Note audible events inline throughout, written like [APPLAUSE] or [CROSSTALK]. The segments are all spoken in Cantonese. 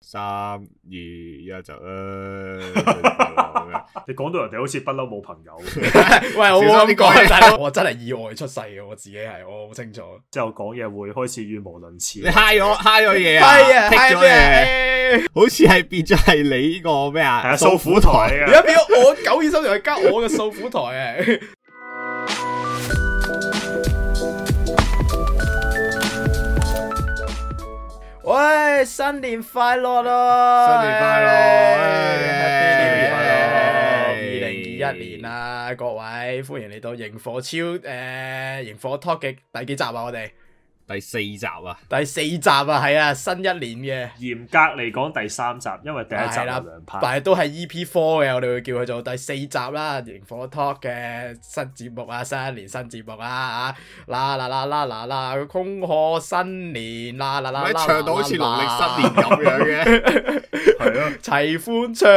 三二、呃、 [LAUGHS] 一，就啦！你講到人哋好似不嬲冇朋友。 [LAUGHS] 喂，我， [LAUGHS] 大佬，我真係意外出世嘅，我自己係我好清楚。之後講嘢會開始語無倫次。你嗨咗，嗨咗嘢啊！嗨，嗨你啊，咗嘢，好似係變咗係你個咩啊？係啊，訴苦台啊！而家變我九二三又係加我嘅訴苦台啊！ [LAUGHS] [LAUGHS] 喂、哎，新年快樂咯、啊！新年快樂，新年快樂，二零二一年啦，各位歡迎嚟到《營火超》誒、呃，《營火 Talk》嘅第幾集啊？我，我哋。第四，啊、第四集啊！第四集啊，係啊，新一年嘅嚴格嚟講，第三集，因為第一集啦，兩 part 但係都係 E P four 嘅，我哋會叫佢做第四集啦、啊。營火 talk 嘅新節目啊，新一年新節目啊，啊啦啦啦啦啦啦，恭賀新年啦啦是啦啦唱到好似農曆新年咁樣嘅，係 [LAUGHS] 啊，齊歡唱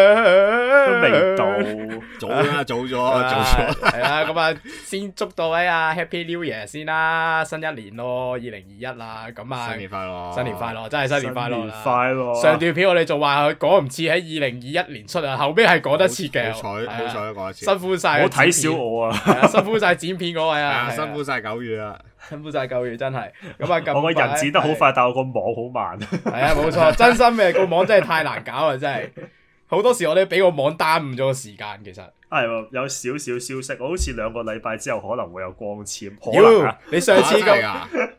都未到，早啦，早咗，早咗，係啊，咁啊，先祝各位啊 Happy New Year 先啦、啊，新一年咯，二零。二一啦，咁啊，新年快樂，新年快樂，真係新年快樂啦！上段片我哋仲話趕唔切喺二零二一年出啊，後邊係趕得切嘅，辛苦晒，冇睇少我啊，辛苦晒剪片嗰位啊，辛苦晒九月啊！辛苦晒九月真係，咁啊，我個人剪得好快，但我個網好慢，係啊，冇錯，真心嘅個網真係太難搞啊，真係。好多時我哋俾個網耽誤咗個時間，其實係有少少消息，我好似兩個禮拜之後可能會有光纖，可能、啊呃、你上次咁、那個，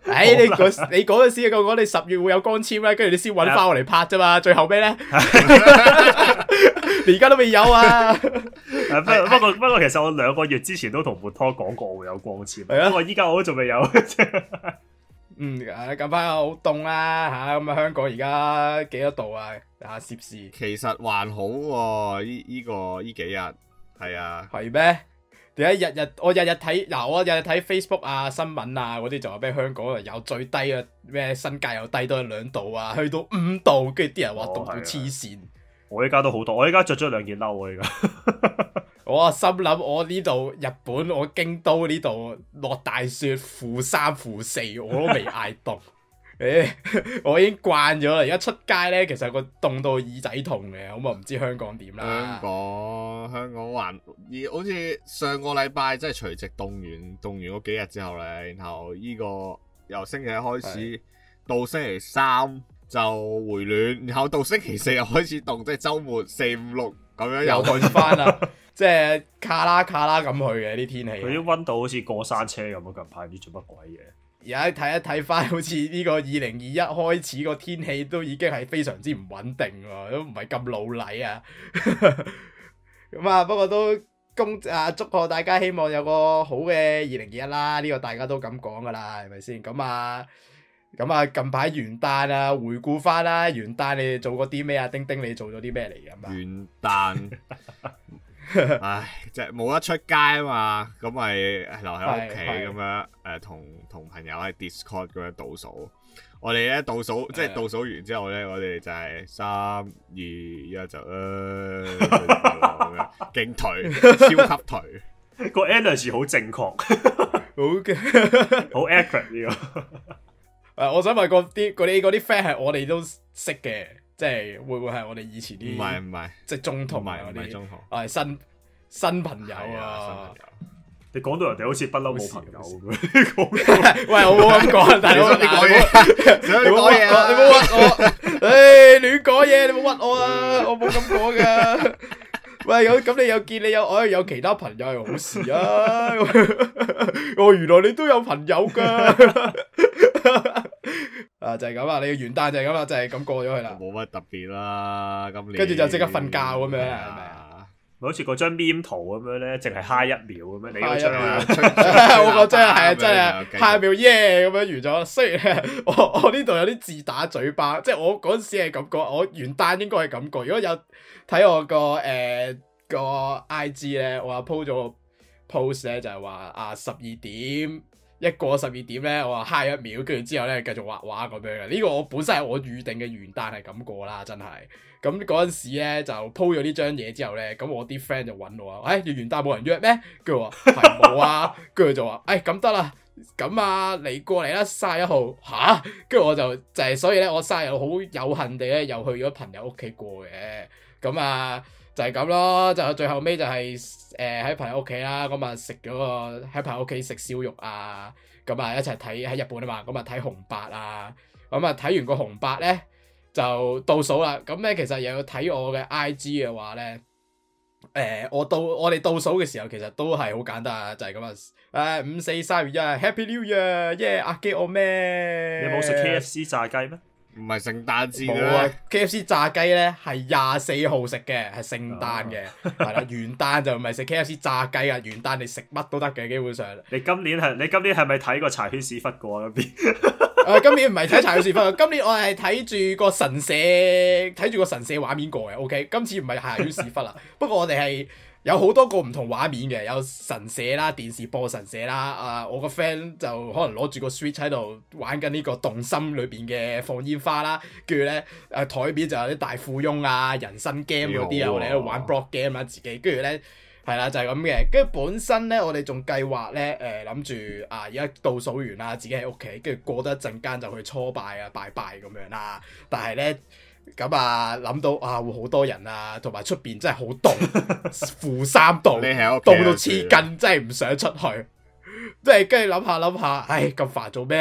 [LAUGHS] 哎、啊、你嗰你嗰陣時、那個我你十月會有光纖咧，跟住你先搵翻我嚟拍啫嘛，對啊、最後咩咧？而家 [LAUGHS] [LAUGHS] [LAUGHS] 都未有啊！不不過不過其實我兩個月之前都同活拖講過我會有光纖，不過依家我都仲未有。嗯，誒、啊，近排好凍啦嚇，咁啊香港而家幾多度啊？啊攝氏，其實還好喎，依依個依幾日，係啊，係咩？點解日日我日日睇嗱，我日日睇 Facebook 啊新聞啊嗰啲就話咩香港有最低啊咩新界又低多一兩度啊，去到五度，跟住啲人話凍到黐線。我依家都好凍，我依家着咗兩件褸喎而家。 [LAUGHS] 我心諗我呢度日本，我京都呢度落大雪，負三負四，我都未嗌凍。誒、 [LAUGHS] 欸，我已經慣咗啦。而家出街呢，其實個凍到耳仔痛嘅。我咪唔知香港點啦。香港，香港還以好似上個禮拜即係隨直凍完，凍完嗰幾日之後呢。然後呢、這個由星期一開始到星期三就回暖，的然後到星期四又開始凍，即係周末四五六咁樣又開始暖翻啦。 [LAUGHS] 即係卡啦卡啦咁去嘅呢啲天氣，佢啲溫度好似過山車咁啊！的近排唔知做乜鬼嘢。而家睇一睇翻，好似呢個二零二一開始個天氣都已經係非常之唔穩定，都唔係咁老禮啊。咁 [LAUGHS] 啊，不過都恭啊祝賀大家，希望有個好嘅二零二一啦。呢個大家都咁講噶啦，係咪先？咁啊，咁啊，近排元旦啊，回顧翻啦。元旦你做過啲咩啊？丁丁你做咗啲咩嚟噶嘛？元旦。 [LAUGHS] [LAUGHS] 唉，即係冇得出街啊嘛，咁咪留喺屋企咁樣，誒對、呃，同同朋友喺 Discord 咁樣倒數。我哋咧倒數，即係倒數完之後咧，我哋就係三二一就誒，咁勁頹，超級頹。這個 energy 好正確，好嘅，好 accurate 呢個。誒，我想問嗰啲嗰啲嗰啲 friend 係我哋都識嘅。即係會唔會係我哋以前啲唔係唔係，即係中同啊啲，我係新新朋友啊！你講到人哋好似不嬲冇朋友咁，喂，我冇咁講，大佬。你講嘢，你冇屈我，誒，亂講嘢，你冇屈我啊！我冇咁講噶，喂，咁咁你有見你有，我有其他朋友係好事啊！我原來你都有朋友噶。誒，就係咁啊，你元旦就係咁啦，就係、是、咁過咗去啦。冇乜特別啦，今年。跟住就即刻瞓覺咁樣，係咪啊？好似嗰張 B M 圖咁樣咧，淨係 high 一秒咁樣。你嗰張啊？我嗰真係啊， [LAUGHS] 真係 high 一秒耶咁、yeah，樣完咗。雖然我我呢度有啲自打嘴巴，即、就、係、是、我嗰時係咁講，我元旦應該係咁講。如果有睇我個誒個 I G 咧，我，我 post，啊 po 咗個 post 咧，就係話啊十二點。一個十二點咧，我話嗨，一秒，跟住之後咧繼續畫畫咁樣。呢、這個我本身係我預定嘅元旦係咁過啦，真係。咁嗰陣時咧就 po 咗呢張嘢之後咧，咁我啲 friend 就揾我話，誒、欸，元旦冇人約咩？跟住話係冇啊。跟住就話，唉、欸，咁得啦。咁啊，你過嚟啦，卅一號。吓、啊？跟住我就就係、是、所以咧，我卅又好有幸地咧，又去咗朋友屋企過嘅。咁啊。就係咁咯，就最後尾就係誒喺朋友屋企啦，咁啊食嗰個喺朋友屋企食燒肉啊，咁啊一齊睇喺日本啊嘛，咁啊睇紅白啊，咁啊睇完個紅白咧就倒數啦，咁咧其實又有睇我嘅 IG 嘅話咧，誒我倒我哋倒數嘅時候其實都係好簡單啊，就係咁啊，誒五四三二一 Happy New Year，耶，阿基我咩？你冇食 KFC 炸雞咩？唔係聖誕節啦，K F C 炸雞呢係廿四號食嘅，係聖誕嘅，係啦，元旦就唔係食 K F C 炸雞啊，元旦、哦、你食乜都得嘅，基本上。你今年係你今年係咪睇過柴犬屎忽過啊？嗰 [LAUGHS] 啲、呃？今年唔係睇柴犬屎忽，今年我係睇住個神社，睇住個神社畫面過嘅。O、OK? K，今次唔係柴犬屎忽啦， [LAUGHS] 不過我哋係。有好多個唔同畫面嘅，有神社啦，電視播神社啦，啊，我個 friend 就可能攞住個 Switch 喺度玩緊呢個動心裏邊嘅放煙花啦，跟住咧誒台面就有啲大富翁啊、人生 game 嗰啲啊，我哋喺度玩 blog game 啊自己，跟住咧係啦就係咁嘅，跟住本身咧我哋仲計劃咧誒諗住啊而家倒數完啦，自己喺屋企，跟住過得一陣間就去初拜啊拜拜咁樣啦，但係咧。咁啊諗到啊會好多人啊，同埋出邊真係好凍，負 [LAUGHS] 三度，凍、啊、到黐筋， [LAUGHS] 真係唔想出去。即係跟住諗下諗下，唉咁煩做咩？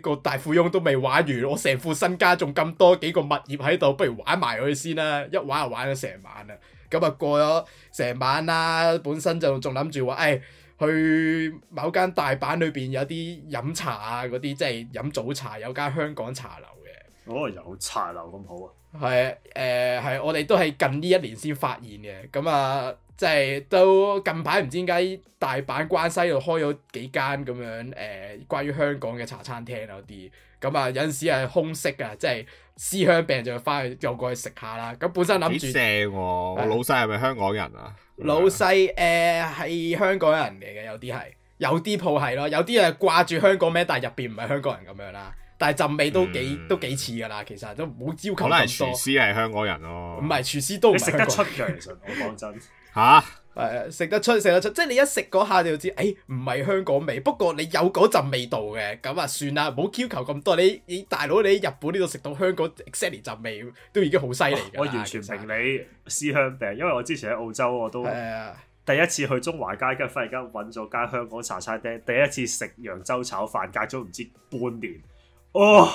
個大富翁都未玩完，我成副身家仲咁多幾個物業喺度，不如玩埋佢先啦。一玩就玩咗成晚啊。咁、嗯、啊過咗成晚啦，本身就仲諗住話，誒去某間大阪裏邊有啲飲茶啊，嗰啲即係飲早茶，有間香港茶樓。嗰個、哦、有茶樓咁好啊？係誒，係、呃、我哋都係近呢一年先發現嘅。咁啊，即、就、係、是、都近排唔知點解大阪關西度開咗幾間咁樣誒、呃，關於香港嘅茶餐廳有啲。咁啊，有陣時係空色啊，即係思鄉病就翻去又過去食下啦。咁本身諗住正喎，老細係咪香港人啊？老細誒係香港人嚟嘅，有啲係，有啲鋪係咯，有啲係掛住香港名，但係入邊唔係香港人咁樣啦。但係陣味都幾、嗯、都幾似噶啦，其實都唔好要求咁多。可能廚師係香港人咯、啊。唔係廚師都食得出嘅，其實我講真。嚇？誒，食得出，食得出。即係你一食嗰下你就知，誒唔係香港味，不過你有嗰陣味道嘅，咁啊算啦，唔好要求咁多。你大佬你喺日本呢度食到香港 exactly 陣味，都已經好犀利。我完全評你思鄉病，因為我之前喺澳洲我都誒，第一次去中華街跟住忽然間揾咗間香港茶，茶餐廳，第一次食揚州炒飯，隔咗唔知半年。哦，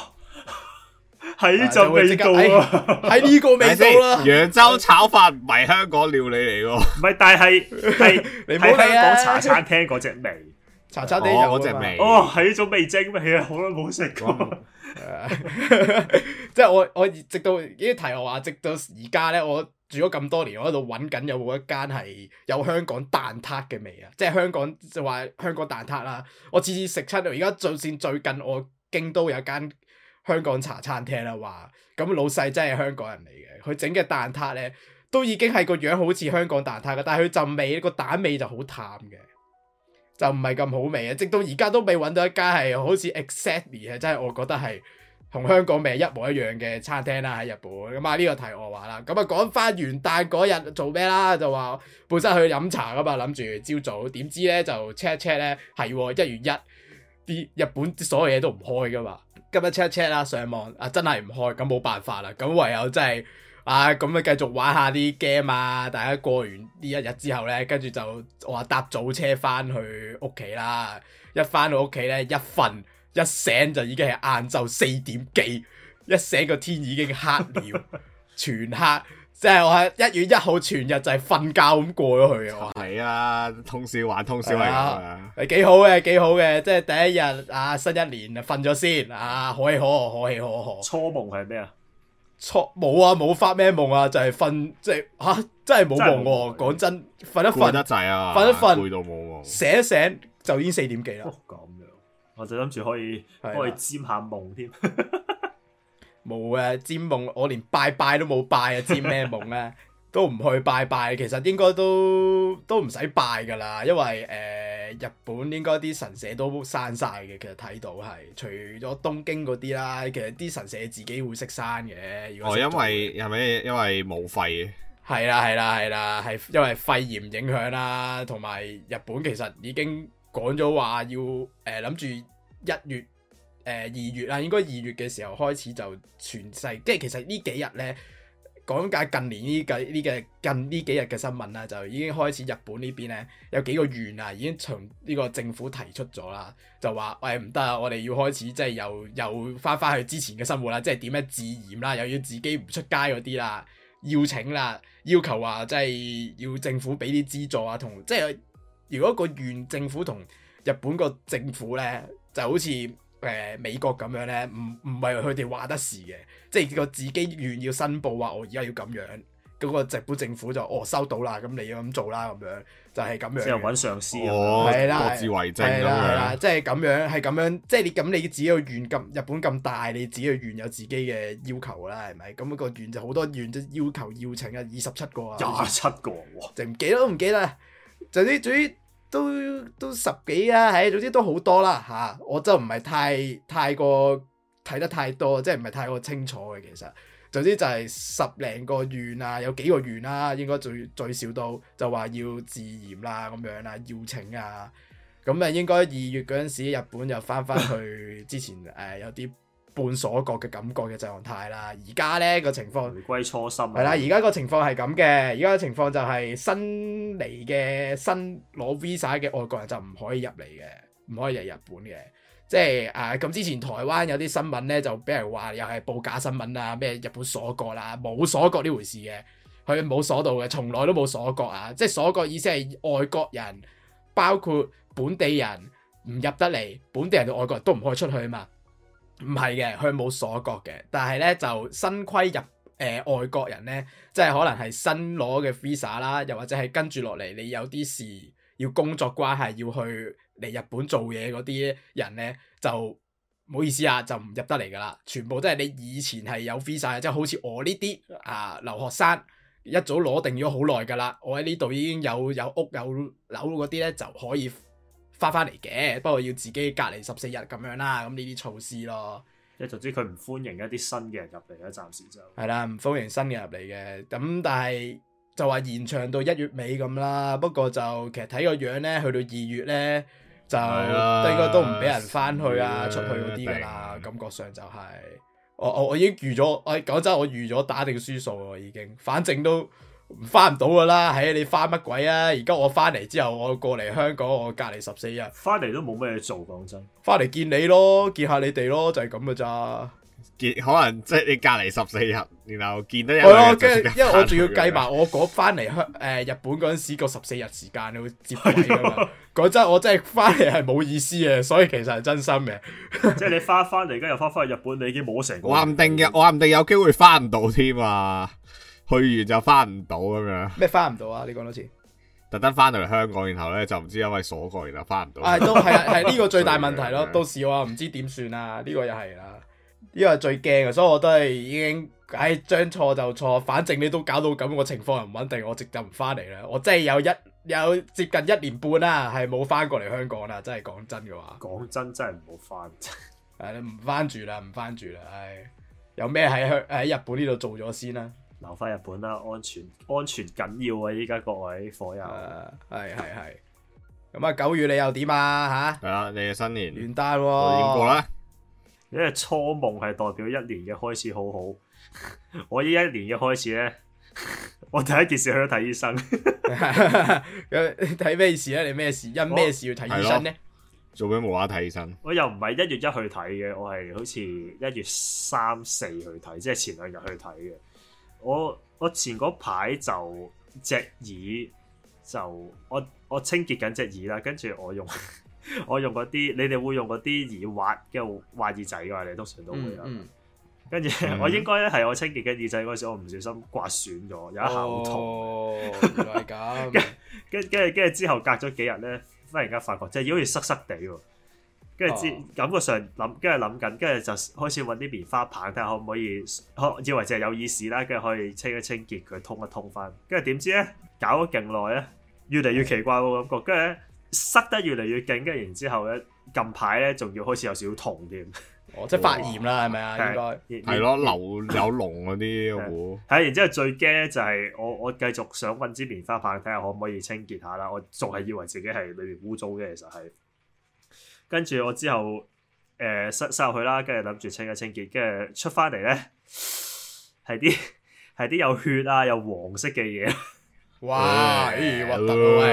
喺呢種味道啊！喺呢個味道啦。揚州炒飯唔係香港料理嚟噶，唔係但係，係喺香港茶餐廳嗰隻味，茶餐廳嗰隻味。哦，係呢種味精咩？其實我都冇食過。即係我我直到呢啲題我話，直到而家咧，我住咗咁多年，我喺度揾緊有冇一間係有香港蛋撻嘅味啊！即係香港就話香港蛋撻啦。我次次食出嚟，而家最先最近我。京都有間香港茶餐廳啦，話咁老細真係香港人嚟嘅，佢整嘅蛋撻咧都已經係個樣好似香港蛋撻嘅，但係佢浸味個蛋味就好淡嘅，就唔係咁好味啊！直到而家都未揾到一間係好似 Exactly 係真係，我覺得係同香港味一模一樣嘅餐廳啦喺日本咁啊！呢個題外話啦，咁啊講翻元旦嗰日做咩啦？就話本身去飲茶咁啊，諗住朝早，點知咧就 check check 咧係一月一，日本所有嘢都唔開噶嘛，今日 check 一 check 啦上網啊真係唔開，咁冇辦法啦，咁唯有真係啊咁啊繼續玩下啲 game 啊，大家過完呢一日之後咧，跟住就我話搭早車翻去屋企啦，一翻到屋企咧一瞓一醒就已經係晏晝四點幾，一醒個天已經黑了， [LAUGHS] 全黑。即係我喺一月一號全日就係瞓覺咁過咗去嘅。係啊，通宵玩、啊、通宵嚟嘅。係幾、啊、好嘅，幾好嘅。即係第一日啊，新一年瞓咗先啊，可喜可賀，可喜可賀。初夢係咩啊？初冇啊，冇發咩夢啊？就係、是、瞓，即係吓，真係冇夢喎。講真，瞓一瞓得濟啊，瞓、啊、一瞓攰到冇夢。醒一醒就已經四點幾啦。咁、哦、樣，我就諗住可以可以占下夢添。 [LAUGHS] 冇嘅、啊、占夢，我連拜拜都冇拜啊！占咩夢咧？都唔去拜拜，其實應該都都唔使拜㗎啦，因為誒、呃、日本應該啲神社都閂晒嘅。其實睇到係除咗東京嗰啲啦，其實啲神社自己會識閂嘅。如果哦，因為係咪因為冇肺？係啦係啦係啦，係、啊啊啊、因為肺炎影響啦，同埋日本其實已經講咗話要誒諗住一月。誒、呃、二月啊，應該二月嘅時候開始就全世，即係其實呢幾日呢，講緊近年呢個近呢幾日嘅新聞啦，就已經開始日本呢邊呢，有幾個縣啊已經從呢個政府提出咗啦，就話喂唔得啦，我哋要開始即係又又翻返去之前嘅生活啦，即係點樣自嚴啦，又要自己唔出街嗰啲啦，邀請啦，要求話即係要政府俾啲資助啊，同即係如果個縣政府同日本個政府呢，就好似。誒美國咁樣咧，唔唔係佢哋話得事嘅，即係個自己縣要申報話我而家要咁樣，嗰、那個日本政府就哦收到啦，咁你要咁做啦，咁樣就係咁樣。就是、樣即係揾上司，係、哦、啦，各自為政咁樣，樣，即係咁樣，係咁樣，即係你咁你自己個縣咁，日本咁大，你自己個縣有自己嘅要求啦，係咪？咁、那個縣就好多縣都要求邀請啊，二十七個啊，廿七個喎，就唔記得都唔記得啦，就呢總之。都都十幾啊，係，總之都好多啦、啊、嚇，我就唔係太太過睇得太多，即係唔係太過清楚嘅其實。總之就係十零個縣啊，有幾個縣啦、啊，應該最最少都就話要自嚴啦咁樣啦、啊，要請啊，咁啊應該二月嗰陣時日本又翻返去之前誒、 [LAUGHS] 呃、有啲。半鎖國嘅感覺嘅狀態啦，而家呢、這個情況，回歸初心係、啊、啦。而家個情況係咁嘅，而家嘅情況就係新嚟嘅新攞 Visa 嘅外國人就唔可以入嚟嘅，唔可以入日本嘅。即係啊，咁、呃、之前台灣有啲新聞呢，就俾人話又係報假新聞啦，咩日本鎖國啦，冇鎖國呢回事嘅，佢冇鎖到嘅，從來都冇鎖國啊。即係鎖國意思係外國人包括本地人唔入得嚟，本地人同外國人都唔可以出去啊嘛。唔係嘅，佢冇鎖國嘅，但係咧就新規入誒、呃、外國人咧，即係可能係新攞嘅 visa 啦，又或者係跟住落嚟，你有啲事要工作關係要去嚟日本做嘢嗰啲人咧，就唔好意思啊，就唔入得嚟㗎啦。全部都係你以前係有 visa，即係好似我呢啲啊留學生一早攞定咗好耐㗎啦。我喺呢度已經有有屋有樓嗰啲咧就可以。翻翻嚟嘅，不過要自己隔離十四日咁樣啦，咁呢啲措施咯。即係總之佢唔歡迎一啲新嘅人入嚟啦，暫時就係啦，唔歡迎新嘅入嚟嘅。咁但係就話延長到一月尾咁啦。不過就其實睇個樣咧，去到二月咧就應該都唔俾人翻去啊、啊出去嗰啲噶啦，呃、感覺上就係、是、我我我已經預咗，我講真，我預咗打定輸數喎，已經，反正都。翻唔到噶啦，唉，你翻乜鬼啊？而家我翻嚟之後，我過嚟香港，我隔離十四日，翻嚟都冇咩做，講真，翻嚟見你咯，見下你哋咯，就係咁噶咋？見可能即係你隔離十四日，然後見到人。兩、哎，因因為我仲要計埋我嗰翻嚟香誒、呃、日本嗰陣時個十四日時間，你會接軌噶嘛？嗰陣 [LAUGHS] 我真係翻嚟係冇意思嘅，所以其實係真心嘅。 [LAUGHS] 即係你翻翻嚟，跟住又翻翻去日本，你已經冇成個。我話唔定嘅，我話唔定有機會翻唔到添啊！去完就翻唔到咁樣咩？翻唔到啊？你講多次， [LAUGHS] [LAUGHS] 特登翻到嚟香港，然後咧就唔知因為鎖國，然後翻唔到。啊， [LAUGHS] 都係啊，係呢個最大問題咯。 [LAUGHS] 的到時我唔知點算啊，呢、這個又係啊，呢、這個最驚啊。所以我都係已經，唉、哎，將錯就錯，反正你都搞到咁個情況唔穩定，我直接唔翻嚟啦。我真係有一有接近一年半啦、啊，係冇翻過嚟香港啦。真係講真嘅話，講真真係唔好翻。你唔翻住啦，唔翻住啦，唉、哎，有咩喺香喺日本呢度做咗先啦。留翻日本啦，安全安全緊要啊！依家各位火友，係係係，咁啊，九月你又點啊？吓係啊！你嘅新年元旦點、哦、過咧？因為初夢係代表一年嘅開始，好好。 [LAUGHS] 我呢一年嘅開始咧，我第一件事去咗睇醫生。睇 [LAUGHS] 咩 [LAUGHS] [LAUGHS] 事啊？你咩事？因咩事要睇醫生呢？做咩無啦啦睇醫生？我又唔係一月一去睇嘅，我係好似一月三四去睇，即係前兩日去睇嘅。就是我我前嗰排就隻耳就我我清潔緊隻耳啦，跟住我用我用嗰啲，你哋會用嗰啲耳挖嘅挖耳仔噶，你通常都會啦。跟住我應該咧係我清潔緊耳仔嗰時，我唔小心刮損咗，有啲口痛。係咁、哦。跟跟跟跟住之後隔咗幾日咧，忽然間發覺隻耳好似濕濕地喎。跟住知感覺上諗，跟住諗緊，跟住就開始揾啲棉花棒睇下可唔可以，可以為就係有，有意思啦。跟住可以清一清潔佢，通一通翻。跟住點知咧，搞咗勁耐咧，越嚟越奇怪嘅感覺。跟住塞得越嚟越勁，跟住然之後咧，近排咧仲要開始有少少痛添。哦，即係發炎啦，係咪啊？是是是應該係咯，流有膿嗰啲。係，然之後最驚就係我我繼續想揾支棉花棒睇下可唔可以清潔下啦。我仲係以為自己係裏邊污糟嘅，其實係。跟住我之後，誒收入去啦。跟住諗住清一清潔，跟住出翻嚟咧，係啲係啲有血啊，有黃色嘅嘢。哇！咦，核突啊！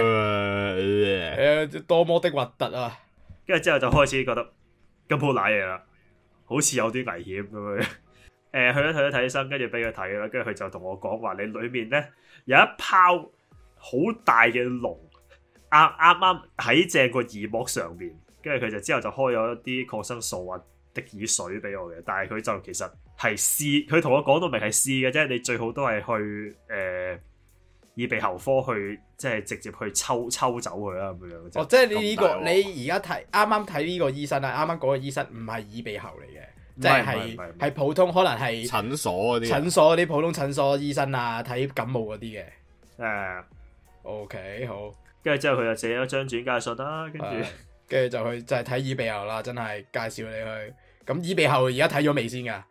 多麼的核突啊！跟住之後就開始覺得今鋪瀨嘢啦，好似有啲危險咁樣。誒、呃，去咗睇咗睇醫生，看看跟住俾佢睇啦。跟住佢就同我講話，你裡面咧有一泡好大嘅龍，啱啱喺正個耳膜上面。跟住佢就之後就開咗一啲抗生素啊、滴耳水俾我嘅，但係佢就其實係試，佢同我講到明係試嘅啫，你最好都係去誒、呃、耳鼻喉科去，即係直接去抽抽走佢啦咁樣。哦，即、就、係、是這個、你呢個你而家睇啱啱睇呢個醫生啊，啱啱嗰個醫生唔係耳鼻喉嚟嘅，即係係係普通，可能係診所嗰啲診所啲普通診所醫生啊，睇感冒嗰啲嘅。誒 [LAUGHS] ，OK 好，跟住之後佢就寫咗張轉介信啦、啊，跟住。跟住就去就係睇耳鼻喉啦，真係介紹你去。咁耳鼻喉而家睇咗未先噶？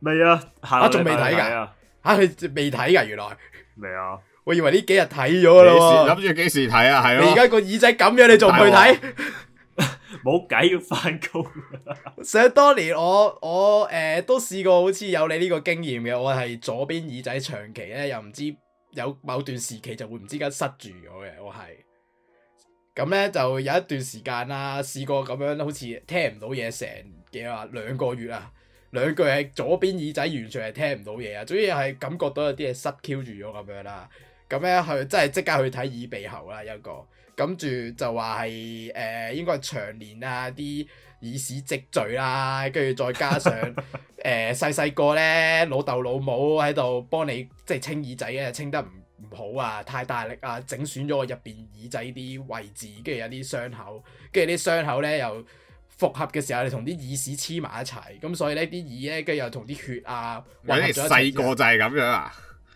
未啊，吓仲未睇噶？吓你未睇噶？原來未啊？我以為呢幾日睇咗咯喎。諗住幾時睇啊？係咯。你而家個耳仔咁樣，你仲唔去睇？冇計 [LAUGHS] [LAUGHS] 要翻工。上多年我我誒、呃、都試過，好似有你呢個經驗嘅。我係左邊耳仔長期咧，又唔知有某段時期就會唔知間塞住咗嘅。我係。咁咧就有一段時間啦，試過咁樣好似聽唔到嘢，成幾話兩個月啊，兩句係左邊耳仔完全係聽唔到嘢啊，總之係感覺到有啲嘢塞 Q 住咗咁樣啦。咁咧佢真係即刻去睇耳鼻喉啦，一個咁住就話係誒應該係長年啊啲耳屎積聚啦，跟住再加上誒細細個咧老豆老母喺度幫你即係清耳仔啊，清得唔～唔好啊！太大力啊！整損咗我入邊耳仔啲位置，跟住有啲傷口，跟住啲傷口咧又複合嘅時候，你同啲耳屎黐埋一齊，咁所以呢啲耳咧跟住又同啲血啊混合咗。細個就係咁樣啊？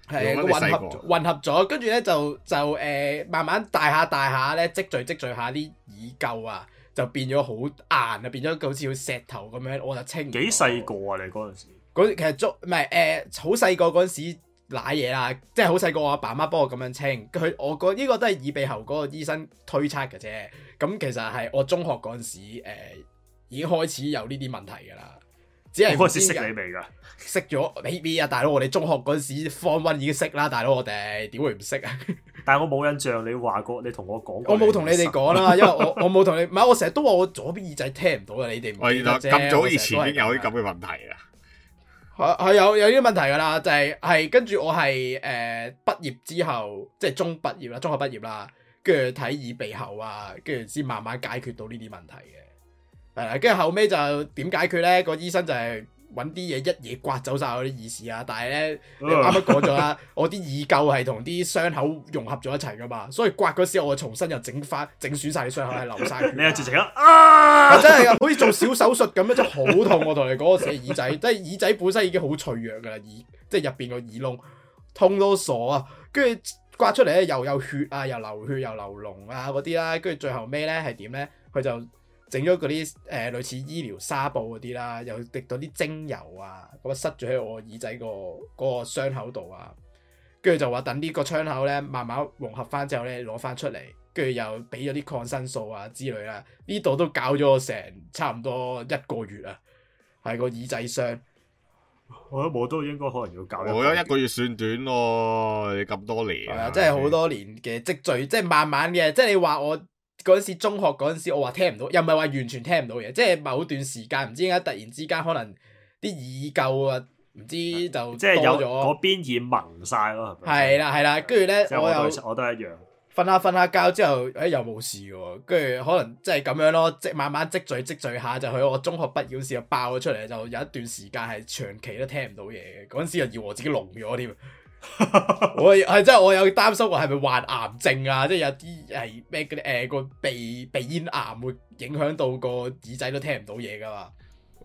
係是混合，混合咗，跟住咧就就誒、呃、慢慢大下大下咧積聚積聚下啲耳垢啊，就變咗好硬啊，變咗好似個石頭咁樣，我就清唔幾細個啊？你嗰陣時嗰其實捉，唔係誒好細個嗰陣時。瀨嘢啦，即係好細個，我阿爸阿媽幫我咁樣清。佢，我覺呢個都係耳鼻喉嗰個醫生推測嘅啫。咁其實係我中學嗰陣時，誒、呃、已經開始有呢啲問題噶啦，只係開始識，你識未噶？弟弟識咗？你邊啊大佬？我哋中學嗰陣時放溫已經識啦，大佬，我哋點會唔識啊？但係我冇印象你話過，你同我講。我冇同你哋講啦，因為我我冇同你，唔係 [LAUGHS] 我成日都話我左邊耳仔聽唔到啊！你哋我耳仔咁早以前已經有啲咁嘅問題啊！係係、 [NOISE] 嗯、有有呢個問題噶啦，就係係跟住我係誒畢業之後，即、就、係、是、中畢業啦，中學畢業啦，跟住睇耳鼻喉啊，跟住先慢慢解決到呢啲問題嘅，係、嗯、啦，跟住後尾就點解決咧？個醫生就係、是。揾啲嘢一嘢刮走晒我啲耳屎啊！但係呢，你啱啱講咗啦， [LAUGHS] 我啲耳垢係同啲傷口融合咗一齊噶嘛，所以刮嗰時我重新又整翻整損晒啲傷口血，係流曬。你又直情啊？啊，真係噶，好似做小手術咁樣，就好痛！我同你講，我隻耳仔，即係耳仔本身已經好脆弱噶啦，耳即係入邊個耳窿痛到傻啊！跟住刮出嚟咧，又有血啊，又流血，啊，又流膿啊嗰啲啦，跟住，啊啊、最後尾呢？係點呢？佢就～整咗嗰啲誒類似醫療紗布嗰啲啦，又滴到啲精油啊，咁啊塞咗喺我耳仔個嗰個傷口度啊，跟住就話等呢個窗口咧慢慢融合翻之後咧攞翻出嚟，跟住又俾咗啲抗生素啊之類啦、啊，呢度都搞咗成差唔多一個月啊，係個耳仔傷。我覺得我都應該可能要搞。我有一個月算短咯，你咁多年。係啊，真係好多年嘅積聚，即係慢慢嘅，即係你話我。嗰陣時中學嗰陣時，我話聽唔到，又唔係話完全聽唔到嘢，即係某段時間唔知點解突然之間可能啲耳垢啊，唔知就即係有嗰邊耳濛晒咯。係啦係啦，跟住呢，我又我都，我有我都一樣，瞓下瞓下覺之後，誒、哎、又冇事喎。跟住可能即係咁樣咯，即慢慢積聚積聚下就喺我中學畢業嗰時就爆咗出嚟，就有一段時間係長期都聽唔到嘢嘅。嗰陣時又以為我自己聾咗添。嗯 [LAUGHS] 我係真係我有擔心，我係咪患癌症啊？即係有啲係咩嗰誒個鼻鼻咽癌會影響到個耳仔都聽唔到嘢噶嘛？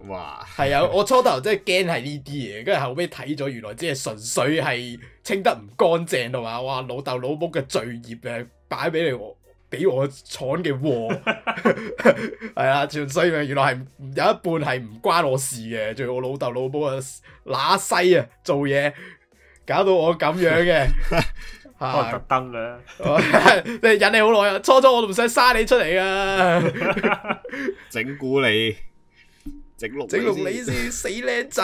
哇！係啊，我初頭真係驚係呢啲嘢，跟住後尾睇咗，原來只係純粹係清得唔乾淨同埋，哇老豆老母嘅罪孽誒，擺俾你我俾我闖嘅禍，係啊，全衰命原來係有一半係唔關我事嘅，仲有我老豆老母啊，乸西啊做嘢。搞到我咁樣嘅，係特登嘅， [LAUGHS] 你忍你好耐啊！初初我都唔想生你出嚟啊，整蠱你，整龍整龍你先死靚仔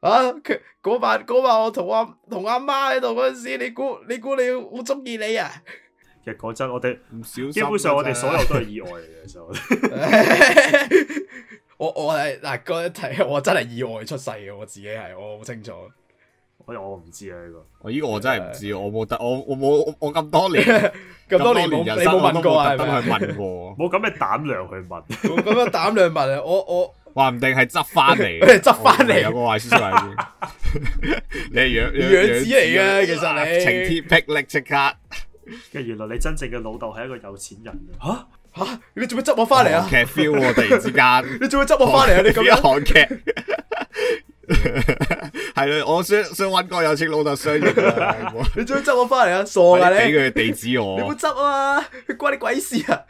啊！佢嗰晚嗰晚我同阿同阿媽喺度嗰陣時你，你估你估你好中意你啊？其實嗰陣我哋唔少，基本上我哋所有都係意外嚟嘅就，我我係嗱嗰一睇我真係意外出世嘅，我自己係我好清楚。我唔知啊呢個，我呢個我真係唔知，我冇得我我冇我咁多年咁多年人生都冇特登去問過，冇咁嘅膽量去問，冇咁嘅膽量問啊！我我話唔定係執翻嚟，執翻嚟有個壞消息，你養養養子嚟嘅，其實你晴天霹靂，即刻，原來你真正嘅老豆係一個有錢人，吓吓，你做咩執我翻嚟啊？劇 feel 突然之間，你做咩執我翻嚟啊？你咁樣韓劇。係啦，我想想揾個有錢老豆雙贏啦。你再執我翻嚟 [LAUGHS] [LAUGHS] 啊，傻噶你！俾佢地址我。你冇執啊，佢關你鬼事啊！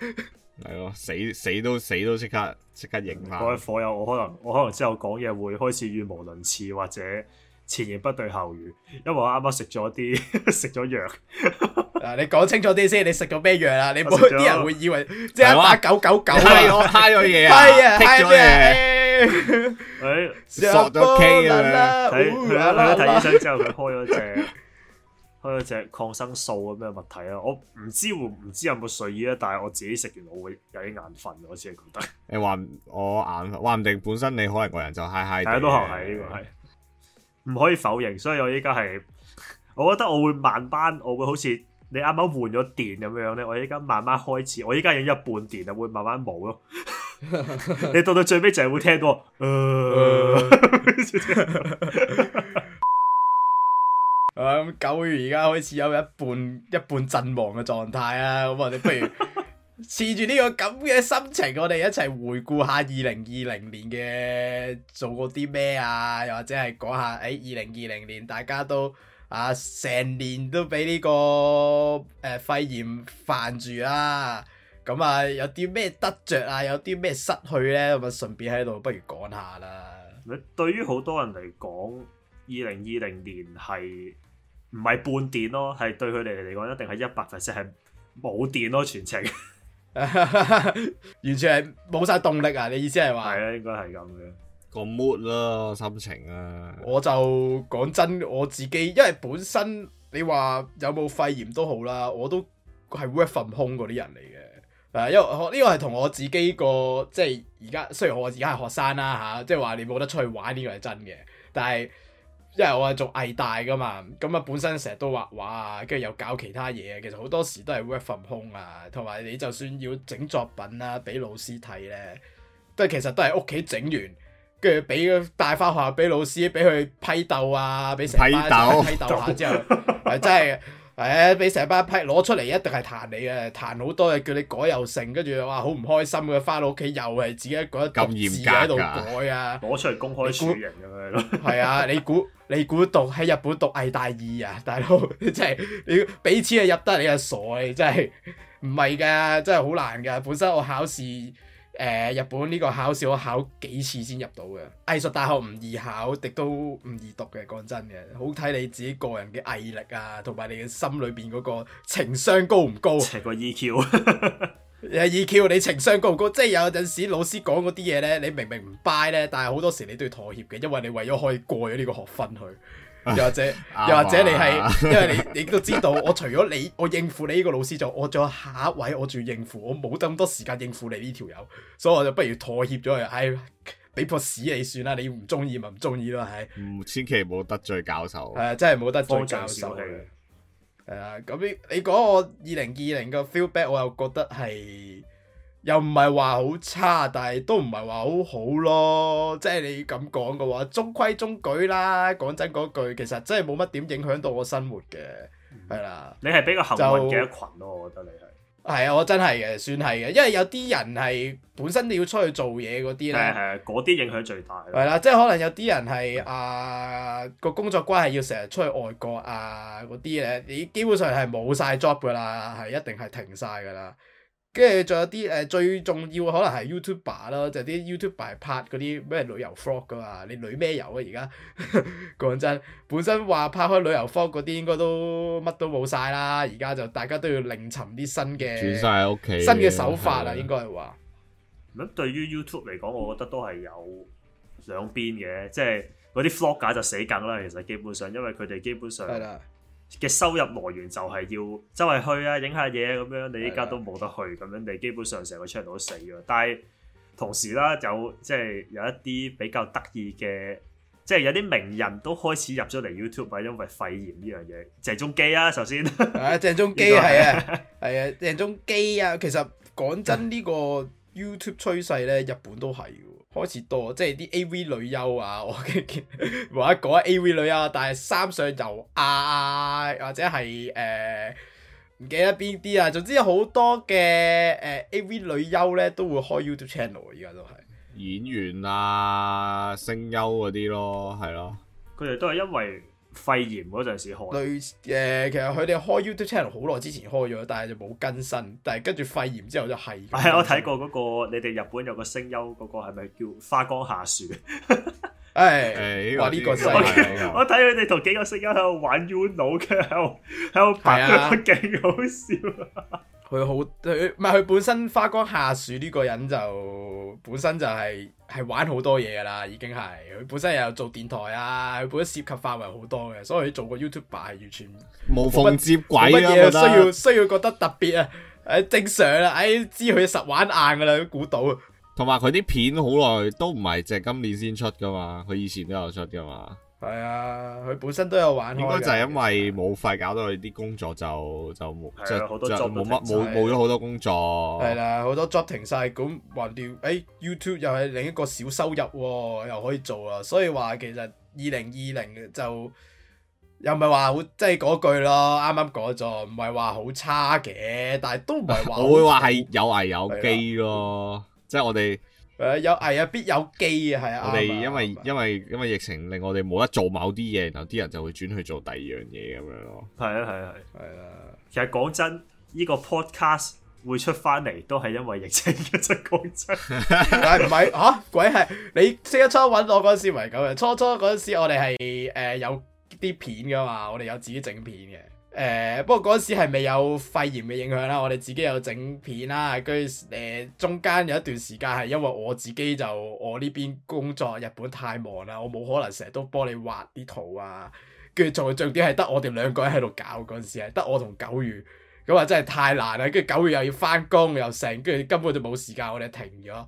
係 [LAUGHS] 咯、 [LAUGHS] 哎，死死都死都即刻即刻影啦。我火友我可能我可能之後講嘢會開始語無倫次或者。前言不對後語，因為我啱啱食咗啲食咗藥。嗱，你講清楚啲先，你食咗咩藥啊？你冇啲人會以為即係打九九九咗，嗨咗嘢啊！係啊，嗨咗嘢，傻咗 K 啊！睇睇睇醫生之後佢開咗隻開咗隻抗生素咩嘅物體啊！我唔知唔唔知有冇睡意啊，但係我自己食完我會有啲眼瞓，我自己覺得。你話唔我眼瞓，話唔定本身你可能個人就嗨嗨。大家都係呢個係。唔可以否認，所以我依家係，我覺得我會慢慢，我會好似你啱啱換咗電咁樣咧，我依家慢慢開始，我依家已經一半電啊，會慢慢冇咯。你到到最尾就係會聽到，啊咁九月而家開始有一半一半陣亡嘅狀態啊，咁我哋不如。 [LAUGHS] 持住呢個咁嘅心情，我哋一齊回顧下二零二零年嘅做過啲咩啊？又或者係講下誒2020年大家都啊成年都俾呢、這個誒、呃、肺炎煩住啦、啊。咁啊有啲咩得着啊？有啲咩、啊、失去呢？咁啊順便喺度不如講下啦。對於好多人嚟講，二零二零年係唔係半電咯？係對佢哋嚟講，一定係一百 percent 係冇電咯，全程。 [LAUGHS] [LAUGHS] 完全係冇晒動力啊！你意思係話係啊？應該係咁嘅個 mood 咯，心情啊。我就講真，我自己，因為本身你話有冇肺炎都好啦，我都係 work from home 嗰啲人嚟嘅。誒，因為呢個係同我自己個即係而家，雖然我而家係學生啦吓，即係話你冇得出去玩呢個係真嘅，但係。因為我係做藝大噶嘛，咁啊本身成日都畫畫啊，跟住又搞其他嘢，其實好多時都係 work from home 啊，同埋你就算要整作品啊，俾老師睇咧，都其實都係屋企整完，跟住俾佢帶翻學校俾老師俾佢批鬥啊，俾成班批鬥下之後，批豆 係真係。 [LAUGHS] [LAUGHS] 誒，俾成班批攞出嚟，一定係彈你嘅，彈好多嘢叫你改又成。跟住話好唔開心嘅，翻到屋企又係自己一攰一字喺度改啊！攞出嚟公開猜處人咁樣咯，係啊的！ [LAUGHS] 你估你估讀喺日本讀藝大二啊，大佬真係你俾錢啊入得你啊傻啊！真係唔係㗎，真係好難噶。本身我考試。誒，日本呢個考試，我考幾次先入到嘅。藝術大學唔易考，亦都唔易讀嘅。講真嘅，好睇你自己個人嘅毅力啊，同埋你嘅心裏邊嗰個情商高唔高？即係個 EQ 啊！誒 EQ，你情商高唔高？即係有陣時老師講嗰啲嘢呢，你明明唔 buy 咧，但係好多時你都要妥協嘅，因為你為咗可以過咗呢個學分去。又或者，又或者你係，因為你你都知道，我除咗你， [LAUGHS] 我應付你呢個老師就我仲有下一位，我仲要應付，我冇咁多時間應付你呢條友，所以我就不如妥協咗佢，係俾個屎你算啦，你唔中意咪唔中意咯，係。唔，千祈唔好得罪教授。係啊，真係唔好得罪教授嘅。係啊，咁、uh, 你你講我二零二零個 feedback，我又覺得係。又唔係話好差，但係都唔係話好好咯。即係你咁講嘅話，中規中矩啦。講真嗰句，其實真係冇乜點影響到我生活嘅，係、嗯、啦。你係比較幸運嘅一羣咯、啊，就我覺得你係。係啊，我真係嘅，算係嘅。因為有啲人係本身你要出去做嘢嗰啲咧，係啊，嗰啲影響最大。係啦，即係可能有啲人係啊個工作關係要成日出去外國啊嗰啲咧，你基本上係冇晒 job 噶啦，係一定係停晒噶啦。跟住仲有啲誒、呃，最重要可能係 YouTuber 咯，就啲、是、YouTuber 拍嗰啲咩旅遊 vlog 噶嘛，你旅咩遊啊？而家講真，本身話拍開旅遊 vlog 嗰啲，應該都乜都冇晒啦。而家就大家都要另尋啲新嘅，轉晒屋企，新嘅手法啦、啊，的應該係話。咁對於 YouTube 嚟講，我覺得都係有兩邊嘅，即係嗰啲 vlog 就死梗啦。其實基本上，因為佢哋基本上係啦。嘅收入來源就係要周圍去啊，影下嘢咁樣，你依家都冇得去，咁樣你基本上成個 channel 都死咗。但係同時啦，有即係有一啲比較得意嘅，即係有啲名人都開始入咗嚟 YouTube，係因為肺炎呢樣嘢。鄭中基啊，首先啊，鄭中基係啊係啊，鄭中基啊，其實講真呢個 YouTube 趨勢呢，日本都係。開始多，即係啲 A.V. 女優啊，我嘅話講 A.V. 女啊，但係三上悠亞，或者係誒唔記得邊啲啊，總之有好多嘅誒、呃、A.V. 女優咧都會開 YouTube channel，而家都係演員啊、聲優嗰啲咯，係咯，佢哋都係因為。肺炎嗰陣時開類誒、呃，其實佢哋開 YouTube channel 好耐之前開咗，但係就冇更新。但係跟住肺炎之後就係。係、哎、我睇過嗰、那個，你哋日本有個聲優嗰個係咪叫花江夏樹？誒、 [LAUGHS] 哎，哇！呢、欸、哇個真係，我睇佢哋同幾個聲優喺度玩、y、uno，佢喺度喺度拍，勁、啊、好笑。 [LAUGHS] 佢好，佢唔係佢本身花光下屬呢個人就本身就係、係、係玩好多嘢噶啦，已經係佢本身又有做電台啊，佢本身涉及範圍好多嘅，所以佢做個 YouTuber 係完全無縫法法接軌嘢、啊，需要、啊、需要需要覺得特別啊，誒正常啦、啊，誒知佢實玩硬噶啦，都估到。同埋佢啲片好耐都唔係，淨係今年先出噶嘛，佢以前都有出噶嘛。係啊，佢本身都有玩。應該就係因為冇費，搞到佢啲工作就就冇，就、啊、就冇乜冇冇咗好多工作。係啦、啊，好多 job 停晒，咁還掂。誒、欸、YouTube 又係另一個小收入，哦，又可以做啊。所以話其實二零二零就又唔係話好，即係嗰句咯。啱啱講咗，唔係話好差嘅，但係都唔係話。 [LAUGHS] 我會話係有危有機咯，啊、即係我哋。誒、uh, 有危啊必有機啊，係啊！我哋吧因為因為因為疫情令我哋冇得做某啲嘢，然後啲人就會轉去做第二樣嘢咁樣咯。係啊係啊係啊！其實講真，依、這個 podcast 會出翻嚟都係因為疫情嘅。真講真，但係唔係嚇鬼係你即一初揾我嗰陣時咪咁樣。初初嗰陣時我哋係誒有啲片噶嘛，我哋有自己整片嘅。誒不過嗰陣時係未有肺炎嘅影響啦，我哋自己有整片啦，跟住誒中間有一段時間係因為我自己就我呢邊工作日本太忙啦，我冇可能成日都幫你畫啲圖啊，跟住仲有重點係得我哋兩個人喺度搞嗰陣時係得我同九月，咁啊真係太難啦，跟住九月又要翻工又成跟住根本就冇時間，我哋停咗，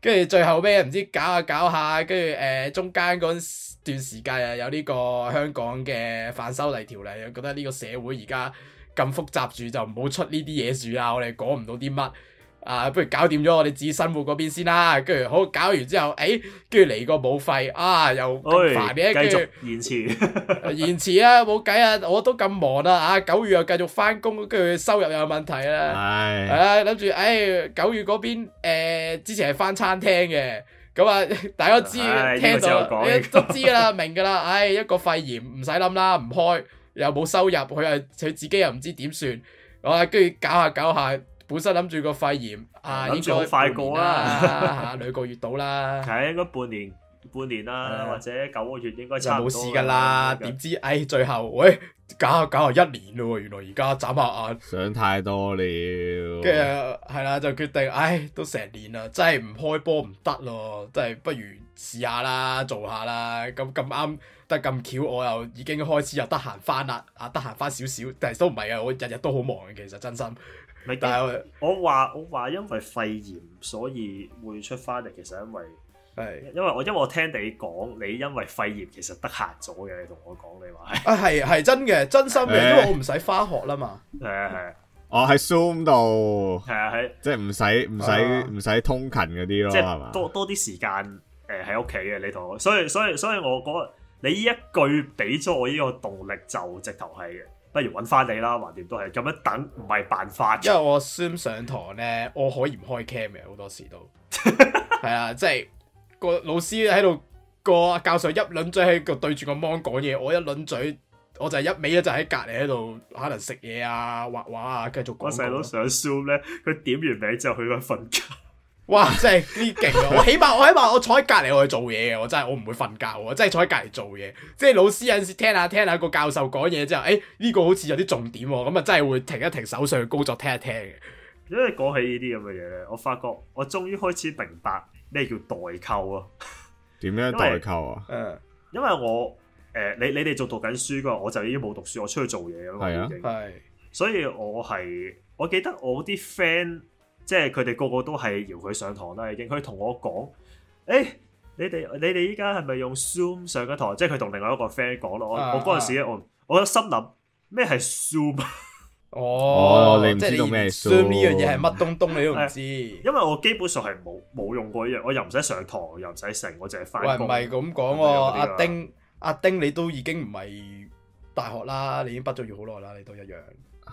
跟住最後咩唔知搞下、啊、搞下、啊啊，跟住誒中間嗰陣時，段時間啊，有呢個香港嘅反修例條例，覺得呢個社會而家咁複雜住，就唔好出呢啲嘢住啦。我哋講唔到啲乜啊，不如搞掂咗我哋自己生活嗰邊先啦、啊。跟住好搞完之後，誒、哎，跟住嚟個補費啊，又咁煩嘅，跟住延遲，延遲啊，冇計啊，我都咁忙啦、啊、吓，九、啊、月又繼續翻工，跟住收入又有問題啦。係、哎，係啊，諗住誒，九、哎、月嗰邊誒，之前係翻餐廳嘅。咁啊， [LAUGHS] 大家知、啊、聽到都知噶啦， [LAUGHS] 明噶啦。唉、哎，一個肺炎唔使諗啦，唔開又冇收入，佢又佢自己又唔知點算。跟住搞下搞下，本身諗住個肺炎啊，應該好快過啦、啊，兩個月到啦，係應該半年。半年啦，啊、或者九個月應該就冇事噶啦。點在知唉、哎，最後喂、哎，搞下搞下一年咯，原來而家眨下眼想太多了。跟住係啦，就決定唉、哎，都成年啦，真係唔開波唔得咯，真係不如試下啦，做下啦。咁咁啱得咁巧，我又已經開始又得閒翻啦，啊得閒翻少少，但係都唔係啊，我日日都好忙嘅，其實真心。是但係我話我話，我因為肺炎，所以會出翻嚟。其實因為。係，因為我因為我聽你講，你因為肺炎其實得閒咗嘅，你同我講你話係啊係係真嘅，真心嘅，欸、因為我唔使返學啦嘛。係啊係，啊我喺 Zoom 度，係啊係，啊即係唔使唔使唔使通勤嗰啲咯，係嘛，多多啲時間誒喺屋企嘅，你同我，所以所以所以，所以我講，你呢一句俾咗我呢個動力就，就直頭係不如搵翻你啦，橫掂都係咁樣等，唔係辦法。因為我 Zoom 上堂咧，我可以唔開 cam 嘅好多時都係啊，即係。個老師喺度，個教授一輪嘴喺度對住個芒講嘢，我一輪嘴，我就一味一就喺隔籬喺度可能食嘢啊、畫畫啊，繼續講。我細佬想 zoom 咧，佢點完名之後去咗瞓覺。哇！真係呢勁啊！我起碼我起碼我坐喺隔籬我去做嘢嘅，我真係我唔會瞓覺，我真係坐喺隔籬做嘢。即係老師有時聽下、啊、聽下、啊啊、個教授講嘢之後，誒、欸、呢、這個好似有啲重點、啊，咁啊真係會停一停手上嘅工作聽一聽嘅。因為講起呢啲咁嘅嘢咧，我發覺我終於開始明白。咩叫代溝啊？點 [LAUGHS] 樣為代溝啊？嗯，因為我誒、呃，你你哋仲讀緊書噶，我就已經冇讀書，我出去做嘢咯。係啊，係，所以我係我記得我啲 friend，即係佢哋個個都係搖佢上堂啦。已經佢同我講：，誒、欸，你哋你哋依家係咪用 Zoom 上緊堂？即係佢同另外一個 friend 講咯。我嗰陣時我我心諗咩係 Zoom？ [LAUGHS] 哦，oh, 你即係你 sum 呢樣嘢係乜東東你都唔知， [LAUGHS] 因為我基本上係冇冇用過呢樣，我又唔使上堂，又唔使成，我淨係翻。喂，唔係咁講喎，阿丁，阿丁你都已經唔係大學啦，你已經畢咗業好耐啦，你都一樣。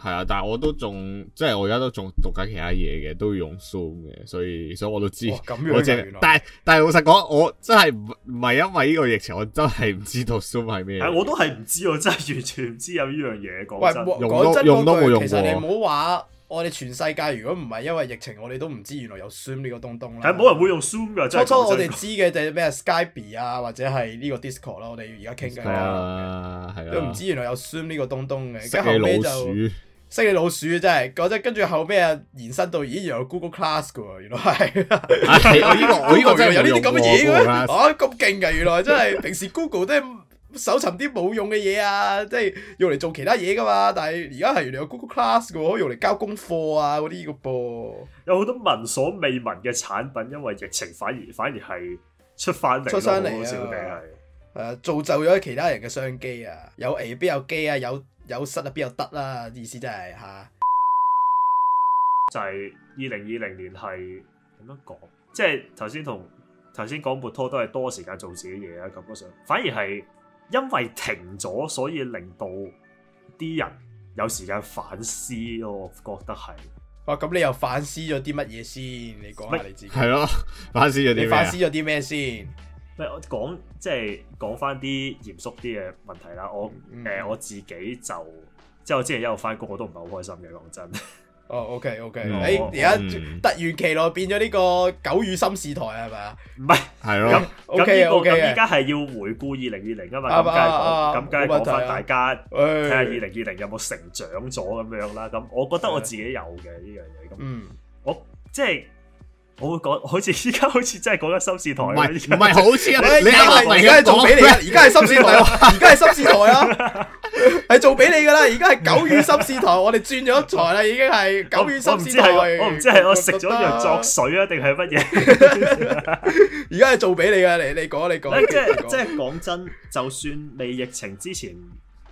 係啊但係我都仲即係我而家都仲讀緊其他嘢嘅，都會用 Zoom 嘅，所以所以我都知。咁樣只但係但係老實講，我真係唔係因為呢個疫情，我真係唔知道 Zoom 係咩。我都係唔知，我真係完全唔知有呢樣嘢。講真，用都用都冇用過。其實你唔好話，我哋全世界如果唔係因為疫情，我哋都唔知原來有 Zoom 呢個東東。係，冇人會用 Zoom 嘅。初初我哋知嘅就係咩 Skype 啊，或者係呢個 Discord 咯。我哋要而家傾緊。係啊，係啊。啊都唔知原來有 Zoom 呢個東東嘅，跟後尾就。識老鼠真係，嗰即跟住後尾啊延伸到，咦原來有 Google Class 嘅喎，原來係。我依 [LAUGHS] 有呢啲咁嘅嘢嘅咩？啊咁勁嘅。原來真係平時 Google 都係搜尋啲冇用嘅嘢啊，即係用嚟做其他嘢噶嘛。但係而家係原來有 Google Class 嘅喎，可以用嚟交功課啊嗰啲嘅噃。有好多聞所未聞嘅產品，因為疫情反而反而係出翻嚟，出翻嚟啊！小係、啊、造就咗其他人嘅商機啊，有 A，B 有機啊，有。有失啊，邊有得啦？意思真係吓，就係二零二零年係點樣講？即係頭先同頭先講脫拖，都係多時間做自己嘢啊，感覺上反而係因為停咗，所以令到啲人有時間反思咯。我覺得係，哇、啊！咁你又反思咗啲乜嘢先？你講下你自己係咯，反思咗啲反思咗啲咩先？啊我講即係講翻啲嚴肅啲嘅問題啦，我誒、mm. 嗯、我自己就即係我之前一路翻工，我都唔係好開心嘅，講真、oh, okay , okay. 嗯。哦，OK，OK，你而家突如其來變咗呢個九語心事台係咪啊？唔、啊、係，係咯、啊。咁，咁呢個咁依家係要回顧二零二零噶嘛？咁梗係講，咁梗係講翻大家睇下二零二零有冇成長咗咁樣啦。咁我覺得我自己有嘅呢樣嘢咁。嗯，我即係。我會講，好似依家好似真係講緊收視台。唔係好似啊！你係而家係做俾你啦，而家係收視台，而家係收視台啊，係做俾你噶啦。而家係九月收視台，我哋轉咗一台啦，已經係九月收視台。我唔知係我食咗又作水啊，定係乜嘢？而家係做俾你噶，你你講，你講。即係即係講真，就算你疫情之前，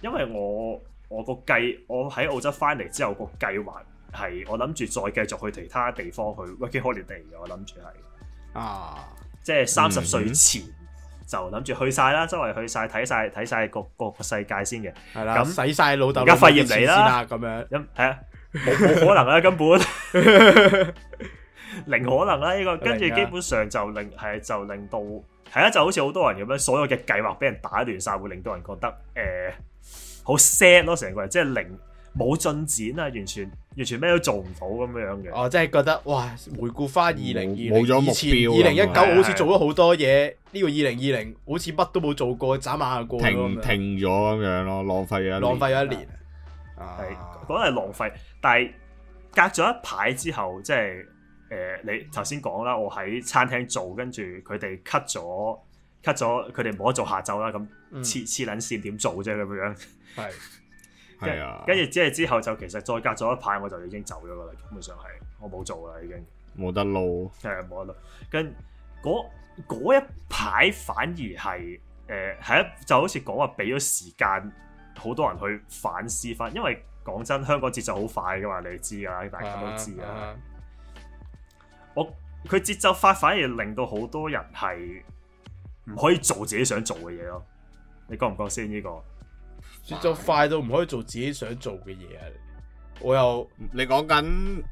因為我我個計，我喺澳洲翻嚟之後個計劃。係，我諗住再繼續去其他地方去 working holiday，我諗住係啊，即係三十歲前、嗯、就諗住去晒啦，周圍去晒睇晒睇晒各各個世界先嘅，係啦，咁使晒老豆而家肺炎嚟啦，咁樣，係啊、嗯，冇冇 [LAUGHS] 可能啦，根本 [LAUGHS] 零可能啦呢、這個，零呀 跟住基本上就令係就令到係啊，就好似好多人咁樣，所有嘅計劃俾人打亂晒，會令到人覺得誒好 sad 咯，成、呃、個人即係零。冇進展啊！完全完全咩都做唔到咁樣嘅。哦，即係覺得哇！回顧翻二零二零以前，二零一九好似做咗好多嘢，呢個二零二零好似乜都冇做過，眨下過停停咗咁樣咯，浪費咗浪費咗一年。係，講係浪費。但係隔咗一排之後，即係誒，你頭先講啦，我喺餐廳做，跟住佢哋 cut 咗 cut 咗，佢哋冇得做下晝啦，咁黐黐撚線點做啫咁樣。係。跟住，即係是、啊、之後就其實再隔咗一排，我就已經走咗噶啦。基本上係，我冇做啦，已經冇得撈，係冇得撈。跟嗰嗰一排反而係誒，係、呃、一就好似講話俾咗時間，好多人去反思翻。因為講真，香港節奏好快噶嘛，你知噶啦，大家都知啦。啊啊、我佢節奏快，反而令到好多人係唔可以做自己想做嘅嘢咯。你覺唔覺先呢，這個？節奏快到唔可以做自己想做嘅嘢啊！我又你講緊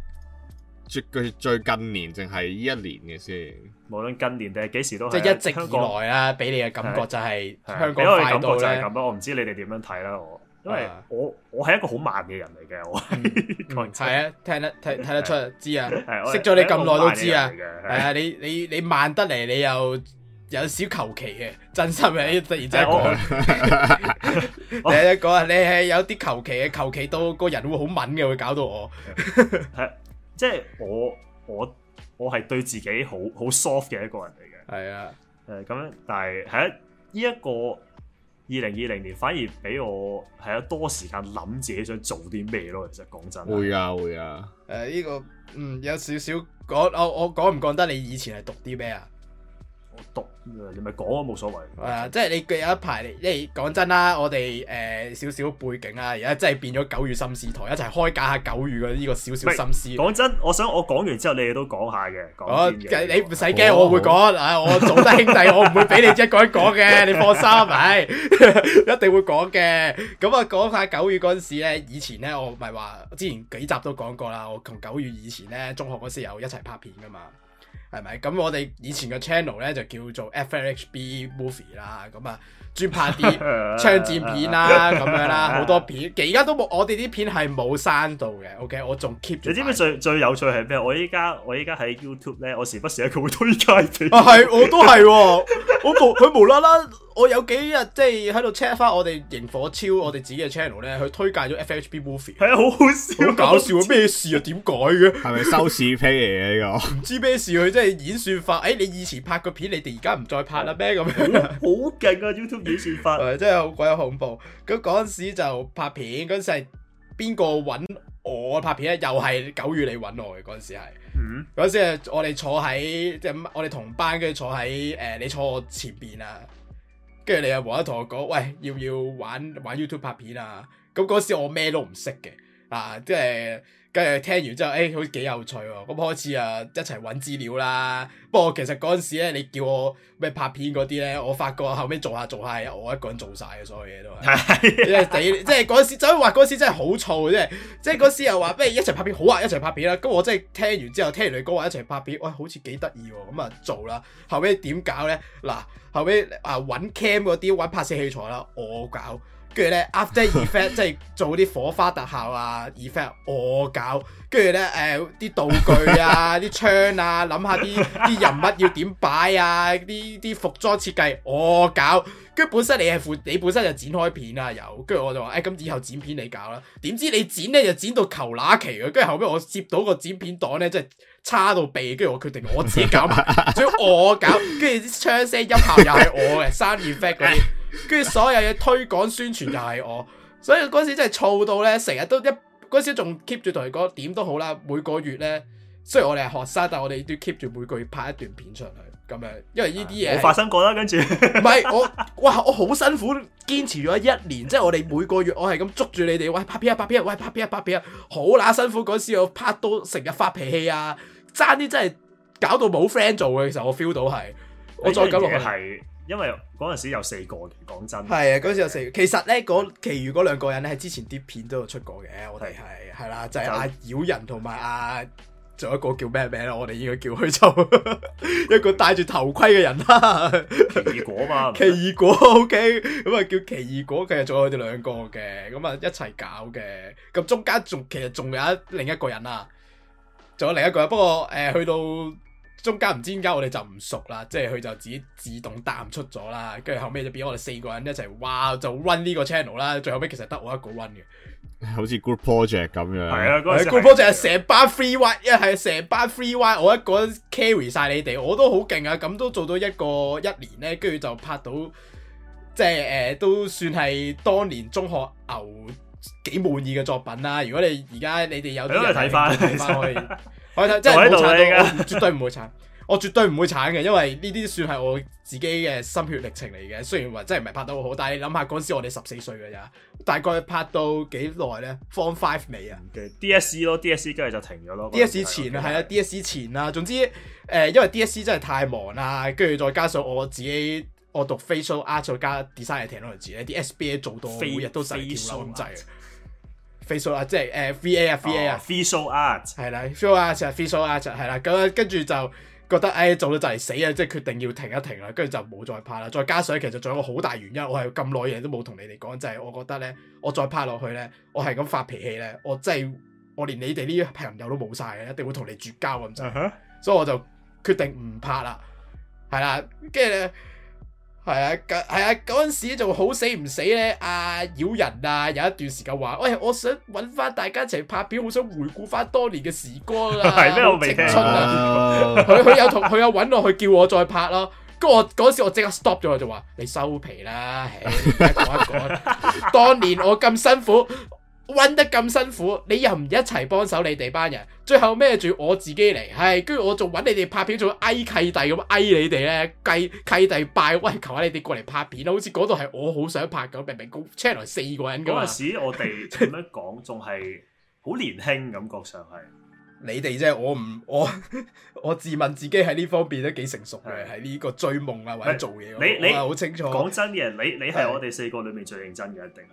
最最最近年淨係呢一年嘅先，無論近年定係幾時都好，即係一直以來啦。俾你嘅感覺就係香港快到咧。俾我嘅感覺就係咁咯。我唔知你哋點樣睇啦。我因為我我係一個好慢嘅人嚟嘅。我係啊，聽得聽聽得出啊，知啊，識咗你咁耐都知啊。係啊，你你你慢得嚟，你又。有少求其嘅，真心啊！突然之間講，第一講啊，你係有啲求其嘅，求其到個人會好敏感嘅，會搞到我。係，即係我我我係對自己好好 soft 嘅一個人嚟嘅。係啊，誒咁樣，但係喺呢一個二零二零年，反而俾我係啊多時間諗自己想做啲咩咯。其實講真，會啊會啊。誒呢個嗯有少少講，我我講唔講得？你以前係讀啲咩啊？讀誒，你咪講啊，冇所謂。誒，即係你有一排，你講真啦，我哋誒少少背景啊，而家真係變咗九月心思台，一齊開解下九月嘅呢個少少心思。講真，我想我講完之後，你哋都講下嘅。我、啊、你唔使驚，哦、我會講。啊好，我做得兄弟，我唔會俾你一個人講嘅， [LAUGHS] 你放心，係 [LAUGHS] 一定會講嘅。咁啊，講下九月嗰陣時咧，以前咧，我唔係話之前幾集都講過啦。我同九月以前咧，中學嗰時有一齊拍片噶嘛。係咪咁？我哋以前嘅 channel 咧就叫做 F H B Movie 啦，咁啊，專拍啲槍戰片啦，咁樣啦，好多片。而家都冇，我哋啲片係冇刪到嘅。OK，我仲 keep。你知唔知最最有趣係咩？我依家，我依家喺 YouTube 咧，我時不時喺佢會推介。啊，係我都係，我佢無啦啦，我有幾日即係喺度 check 翻我哋螢火超，我哋自己嘅 channel 咧，佢推介咗 F H B Movie。係啊，好好笑，好搞笑啊！咩事啊？點改嘅？係咪收視批嚟嘅呢個？唔知咩事即係演算法，誒、欸、你以前拍個片，你哋而家唔再拍啦咩咁樣？好勁啊 YouTube 演算法，誒 [LAUGHS] 真係好鬼恐怖。咁嗰陣時就拍片，嗰陣時係邊個揾我拍片咧？又係九月你揾我嘅，嗰陣時係，嗰陣、嗯、時係我哋坐喺，即係我哋同班跟住坐喺誒、呃、你坐我前邊啊，跟住你又無啦啦同我講，喂，要唔要玩玩 YouTube 拍片啊？咁嗰時我咩都唔識嘅啊，即、就、係、是。跟住聽完之後，誒、欸，好似幾有趣喎。咁開始啊，一齊搵資料啦。不過其實嗰陣時咧，你叫我咩拍片嗰啲咧，我發覺後尾做下做下，我一個人做晒嘅所有嘢都係。係， [LAUGHS] 即係嗰陣時，走去畫嗰陣時真係好燥，即係，即係嗰陣時又話不如一齊拍片，好啊，一齊拍片啦。咁我真係聽完之後，聽完你講話一齊拍片，哇、欸，好似幾得意喎。咁啊做啦，後尾點搞咧？嗱、啊，後尾啊搵 cam 嗰啲，搵拍攝器材啦，我搞。跟住咧，after effect 即係做啲火花特效啊，effect 我搞。跟住咧，誒、呃、啲道具啊，啲 [LAUGHS] 槍啊，諗下啲啲人物要點擺啊，啲啲服裝設計我搞。跟住本身你係負，你本身就剪開片啊又。跟住我就話，誒、哎、咁以後剪片你搞啦。點知你剪咧就剪到求乸期啊！跟住後尾我接到個剪片檔咧，真係差到痹。跟住我決定我自己搞，所以 [LAUGHS] 我搞。跟住啲槍聲音效又係我嘅 sound effect 嗰啲。 [LAUGHS] 跟住 [LAUGHS] 所有嘢推廣宣傳又係我，所以嗰時真係燥到咧，成日都一嗰時仲 keep 住同佢講點都好啦。每個月咧，雖然我哋係學生，但係我哋都 keep 住每個月拍一段片出去咁樣，因為呢啲嘢發生過啦。跟住唔係我哇，我好辛苦堅持咗一年，即係我哋每個月我係咁捉住你哋，喂，拍片啊拍片啊，喂，拍片啊拍片啊，好乸辛苦，嗰時我拍到成日發脾氣啊，爭啲真係搞到冇 friend 做嘅時候，其實我 feel 到係我再咁落去。因為嗰陣時有四個嘅，講真係啊，嗰陣的的時有四個的其實呢，其實咧，其餘嗰兩個人咧喺之前啲片都有出過嘅，的我哋係係啦，就係、是、阿妖人同埋阿仲有一個叫咩名啦，我哋應該叫佢做 [LAUGHS] 一個戴住頭盔嘅人啦，奇異果嘛， [LAUGHS] 奇異果，OK，咁啊叫奇異果，其實仲有佢哋兩個嘅，咁啊一齊搞嘅，咁中間仲其實仲有另一個人啊，仲有另一個人，不過誒、呃、去到。中間唔知點解我哋就唔熟啦，即係佢就自己自動淡出咗啦，跟住後尾就變咗我哋四個人一齊，哇就 run 呢個 channel 啦，最後尾其實得我一個 run 嘅，好似 group project 咁樣。係啊，group project 係成班 free one，一係成班 free one。我一個人 carry 晒你哋，我都好勁啊！咁都做到一個一年咧，跟住就拍到，即係誒、呃、都算係當年中學牛幾滿意嘅作品啦。如果你而家你哋有，有，喺度睇翻翻去。 [LAUGHS] 真係唔會噶，絕對唔會慘，我絕對唔會慘嘅， [LAUGHS] 因為呢啲算係我自己嘅心血歷程嚟嘅。雖然話真係唔係拍到好好，但係你諗下嗰時我哋十四歲嘅咋，大概拍到幾耐咧？Form Five 未啊？DSE 咯，DSE 跟住就停咗咯。DSE 前啊，係啊，DSE 前啊。總之誒、呃，因為 DSE 真係太忙啦，跟住再加上我自己，我讀 Facial Art 再加 design 係停咗陣時咧，啲 SBA 做到每日都死咗咁滯。visual art、 [NOISE] 就是、啊，即係誒 VA 啊，visual、啊、art 係啦，visual art 就 visual art 係啦，咁跟住就覺得誒、哎、做到就嚟死啊，即係決定要停一停啦，跟住就冇再拍啦。再加上其實仲有個好大原因，我係咁耐嘢都冇同你哋講，就係、是、我覺得咧，我再拍落去咧，我係咁發脾氣咧，我真係我連你哋呢啲朋友都冇晒曬，一定會同你絕交咁！Uh huh. 所以我就決定唔拍啦，係、嗯、啦，跟住咧。係啊，嗰啊，嗰陣時仲好死唔死咧，阿、啊、妖人啊，有一段時間話，喂，我想揾翻大家一齊拍片，好想回顧翻多年嘅時光啊，我青春啊，佢佢有同佢有揾我，佢叫我再拍咯，跟住我嗰陣時我即刻 stop 咗，我就話你收皮啦，講一講， [LAUGHS] 當年我咁辛苦。搵得咁辛苦，你又唔一齊幫手？你哋班人最後孭住我自己嚟？係、哎，跟住我仲搵你哋拍片，仲要嗌契弟咁嗌你哋咧，契契弟拜。喂，求下你哋過嚟拍片啦！好似嗰度係我好想拍咁，明明 channel 四個人咁。嗰陣時我哋咁樣講，仲係好年輕，感覺上係 [LAUGHS] 你哋啫。我唔我我自問自己喺呢方面都幾成熟嘅，喺呢的個追夢啊或者做嘢你，你你係好清楚。講真嘅，你你係我哋四個裏面最認真嘅，一定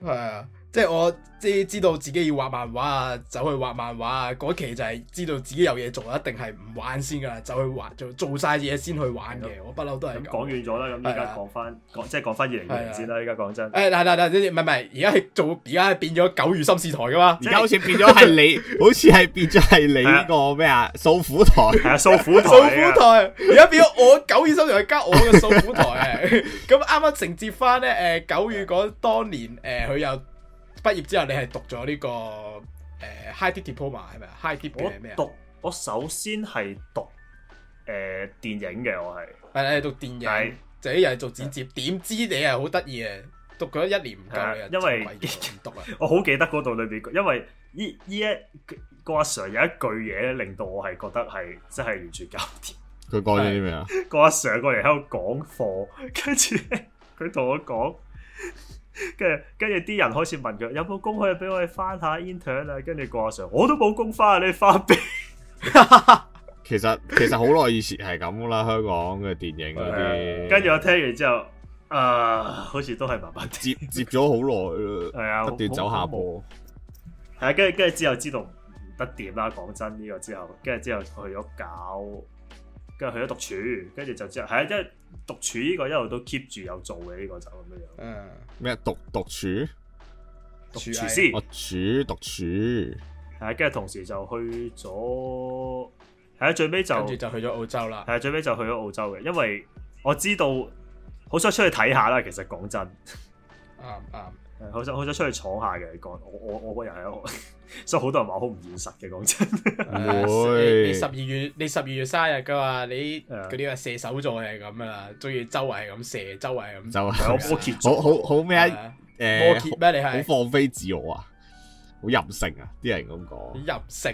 係係啊。即係我即知知道自己要畫漫畫啊，走去畫漫畫啊。嗰期就係知道自己有嘢做，一定係唔玩先噶啦，就去畫做做晒嘢先去玩嘅。我不嬲都係咁講完咗啦。咁依家講翻，即係講翻形年先啦。依家講真，誒，係係唔係唔係，而家係做，而家變咗九月心事台噶嘛？而家好似變咗係你，好似係變咗係你呢個咩啊？數虎台，數虎台，數虎台。而家變咗我九月心時代加我嘅數虎台咁啱啱承接翻咧，誒，九月講當年，誒，佢又。畢業之後你係讀咗呢、呢個誒、呃、high degree diploma 係咪 high degree 嘅咩啊？High、我讀麼我首先係讀誒、呃、電影嘅，我係係係讀電影，就一人係做剪接，點的知你係好得意嘅，讀咗一年唔夠嘅人，因為唔讀啊！我好記得嗰度裏邊，因為依依一個阿 Sir 有一句嘢咧，令到我係覺得係真係完全搞掂。佢講咗啲咩啊？個阿 Sir 個人喺度講課， [LAUGHS] 跟住咧佢同我講。跟住，跟住啲人開始問佢有冇工可以俾我哋翻下 inter 啊？跟住郭 sir，我都冇工翻啊！你翻邊？ [LAUGHS] [LAUGHS] 其實其實好耐以前係咁噶啦，香港嘅電影嗰啲。跟住我聽完之後，啊，好似都係慢慢接接咗好耐咯，係 [LAUGHS] 啊，不斷走下坡，係啊，跟住跟住之後知道唔得掂啦。講真呢、這個之後，跟住之後去咗搞。跟住去咗獨處，跟住就之後係啊，因為獨處呢個一路都 keep 住有做嘅呢、這個就咁樣。嗯。咩？獨獨處？獨處先。獨處，獨處、哦。係啊，跟住同時就去咗。係啊，最尾就跟住就去咗澳洲啦。係啊，最尾就去咗澳洲嘅，因為我知道好想出去睇下啦。其實講真。啱啱。好想好想出去闖下嘅，講我我我個人係，所以好多人話好唔現實嘅，講真、哎 [LAUGHS] 你。你十二月你十二月生日嘅話，你嗰啲話射手座係咁噶啦，中意周圍係咁射，周圍係咁就啊，我摩羯，好好好咩誒，摩羯咩？你係好放飛自我啊？好任性啊！啲人咁講。任性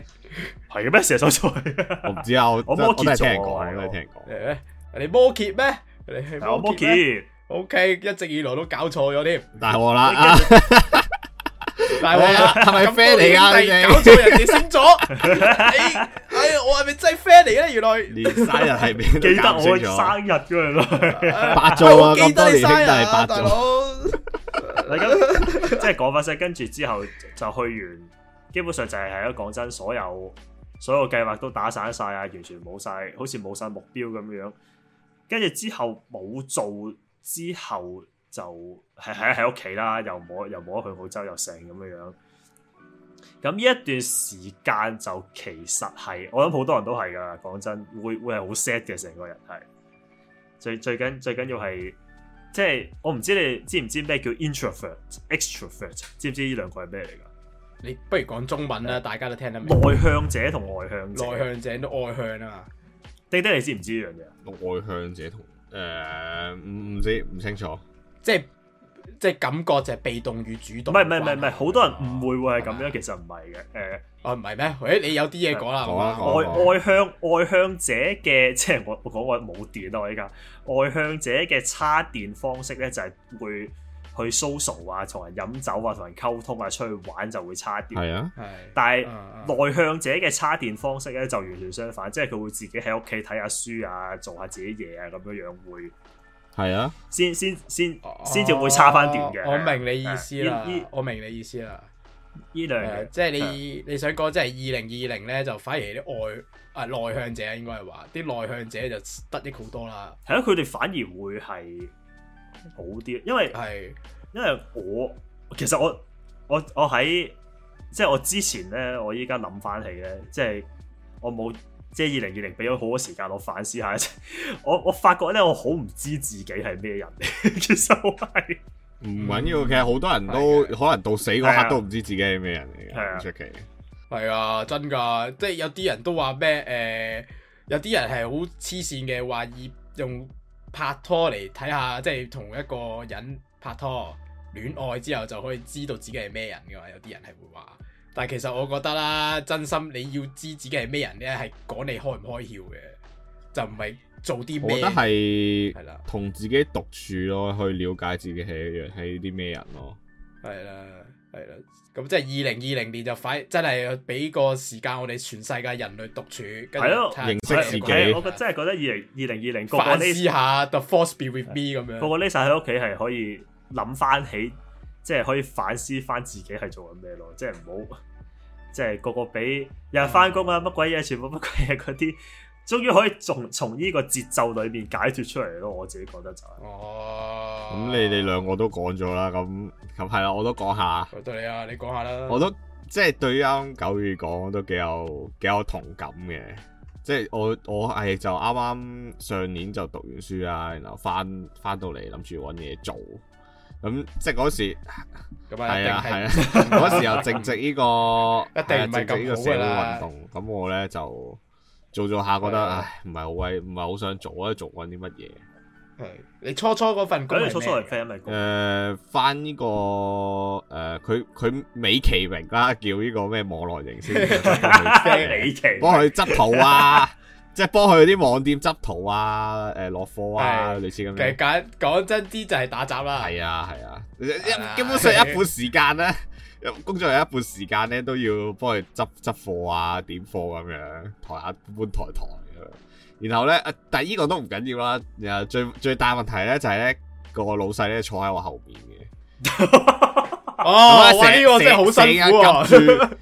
係嘅咩？射手座 [LAUGHS] 我唔知啊，我摩羯座，聽人講，我都聽人講。誒，你摩羯咩？你係我摩羯。O K，一直以來都搞錯咗添，大鑊啦，大鑊啦，係咪 friend 嚟噶？搞錯人哋先咗，哎呀，我係咪真係 friend 嚟噶？原來生日係俾搞錯咗，生日原來白做啊！咁多年生日都係白做。你咁即係講翻聲，跟住之後就去完，基本上就係係咯。講真，所有所有計劃都打散晒啊，完全冇晒，好似冇晒目標咁樣。跟住之後冇做。之後就喺喺喺屋企啦，又冇又冇得去澳洲，又成咁樣樣。咁呢一段時間，就其實係我諗好多人都係㗎，講真會會係好 sad 嘅成個人係。最最緊最緊要係，即係我唔知你知唔知咩叫 introvert extrovert，知唔知呢兩個係咩嚟㗎？你不如講中文啦，大家都聽得明。內向者同外向者，內向者都外向啊嘛。弟弟你知唔知呢樣嘢？外向者同誒，唔、呃、知唔清楚，即係即係感覺就係被動與主動係，唔係唔係唔係唔係，好多人誤會會係咁樣，嗎其實唔係嘅，誒、呃，啊唔係咩？誒、欸，你有啲嘢講啦，外、呃、愛，外向外向者嘅，即係我我講我冇電啦，我依家，外向者嘅插電方式咧就係會。去 social 啊，同人飲酒啊，同人溝通啊，出去玩就會差啲。係啊，但係內向者嘅叉電方式咧就完全相反，即係佢會自己喺屋企睇下書啊，做下自己嘢啊咁樣樣會係啊，先先先先至會叉返電嘅、啊。我明你意思啦，對這我明你意思啦，呢兩樣。即係 [LAUGHS] 你你想講即係二零二零咧，就反而啲外啊內向者應該係話啲內向者就得益好多啦。係啊，佢哋反而係會係。好啲，因為係因為我其實我我我喺，即係我之前咧，我依家諗翻起咧，即係我冇即係二零二零俾咗好多時間我反思下，一我我發覺咧我好唔知自己係咩人嚟，其實係唔緊要，其實好多人都、嗯、可能到死嗰刻都唔知自己係咩人嚟嘅，唔出奇。係啊，真噶，即係有啲人都話咩，誒，有啲人係好黐線嘅，話以用。拍拖嚟睇下，即係同一個人拍拖、戀愛之後就可以知道自己係咩人嘅話。有啲人係會話，但係其實我覺得啦，真心你要知自己係咩人咧，係講你開唔開竅嘅，就唔係做啲咩。我覺得係係啦，同自己獨處咯，去了解自己係一樣係啲咩人咯。係啦，係啦。咁即係二零二零年就快真係俾個時間我哋全世界人類獨處，跟住的著認識自己。我個真係覺得二零二零二零反思下 The Force Be With Me 咁樣。不過呢曬喺屋企係可以諗返起，的即係可以反思返自己係做緊咩咯，即係唔好即係個個俾又係返工啊乜鬼嘢，全部乜鬼嘢嗰啲。終於可以從從呢個節奏裏面解脫出嚟咯！我自己覺得就係。哦。咁你哋兩個都講咗啦，咁咁係啦，我都講下。我對你啊，你講下啦。我都即係對於啱九月講都幾有幾有同感嘅，即係我我係就啱啱上年就讀完書啊，然後翻翻到嚟諗住揾嘢做，咁即係嗰時，咁啊係啊係啊，嗰時候正值呢個一定唔係咁呢個社會運動，咁我咧就。做做下，覺得唉，唔係好威，唔係好想做啊！做緊啲乜嘢？係、uh, 你初初嗰份工，初初係 friend 嚟。誒、uh, 翻呢個誒，佢佢美其名啦，叫呢個咩網絡營銷。幫佢執圖啊，即係 [LAUGHS] 幫佢啲網店執圖啊，誒、呃、落貨啊，uh, 類似咁。其實講講真啲就係打雜啦，係啊係啊，一根、啊啊、基本上一半時間啦。工作有一半時間咧，都要幫佢執執貨啊、點貨咁樣，抬下搬抬抬。然後咧、啊，但係依個都唔緊要啦。然後最最大問題咧就係、是、咧，個老細咧坐喺我後邊嘅。 [LAUGHS] 哦，喂，呢、哦整這個真係好整辛苦、啊，成日 𥄫 住，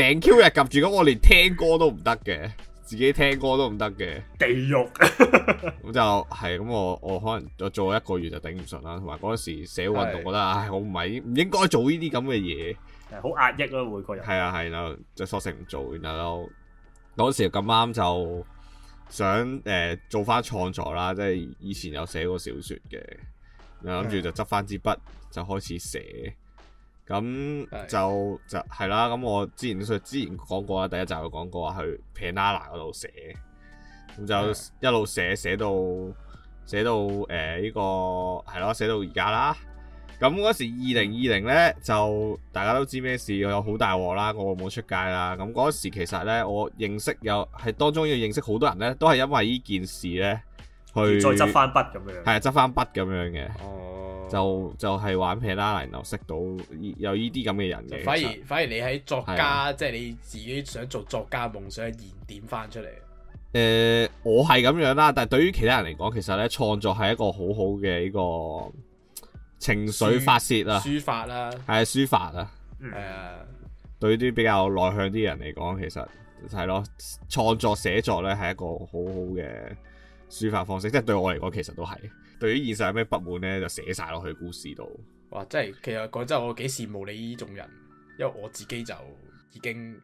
成 Q 日 𥄫 住咁，我連聽歌都唔得嘅。自己聽歌都唔得嘅，地獄咁 [LAUGHS] 就係咁。我我可能我做咗一個月就頂唔順啦，同埋嗰陣時寫運動是覺得唉、哎，我唔係唔應該做呢啲咁嘅嘢，好壓抑咯，每個人。係啊，係啦、啊，就索性唔做，然後嗰時咁啱就想誒、呃、做翻創作啦，即係以前有寫過小説嘅，然後諗住就執翻支筆就開始寫。咁就就係啦，咁的我之前所以之前講過啦，第一集有講過話去 Penana 嗰度寫，咁就一路寫，寫到寫到誒呢、呃這個係咯，寫到而家啦。咁嗰時二零二零咧，就大家都知咩事，有好大鑊啦，我冇出街啦。咁嗰時其實咧，我認識有係當中要認識好多人咧，都係因為呢件事咧去再執翻筆咁樣，係啊，執翻筆咁樣嘅。嗯就就係、是、玩皮啦，然後識到有呢啲咁嘅人。反而實反而你喺作家，即係是、啊、你自己想做作家夢想，而點翻出嚟？誒、呃，我係咁樣啦。但係對於其他人嚟講，其實咧創作係一個好好嘅呢個情緒發泄啊，啊，抒發啦，係啊，抒發啊，係啊。對啲比較內向啲人嚟講，其實係咯、啊，創作寫作咧係一個好好嘅抒發方式。即係、嗯、對我嚟講，其實都係。對於現實有咩不滿呢？就寫晒落去故事度。哇！即係，其實講真，我幾羨慕你呢種人，因為我自己就已經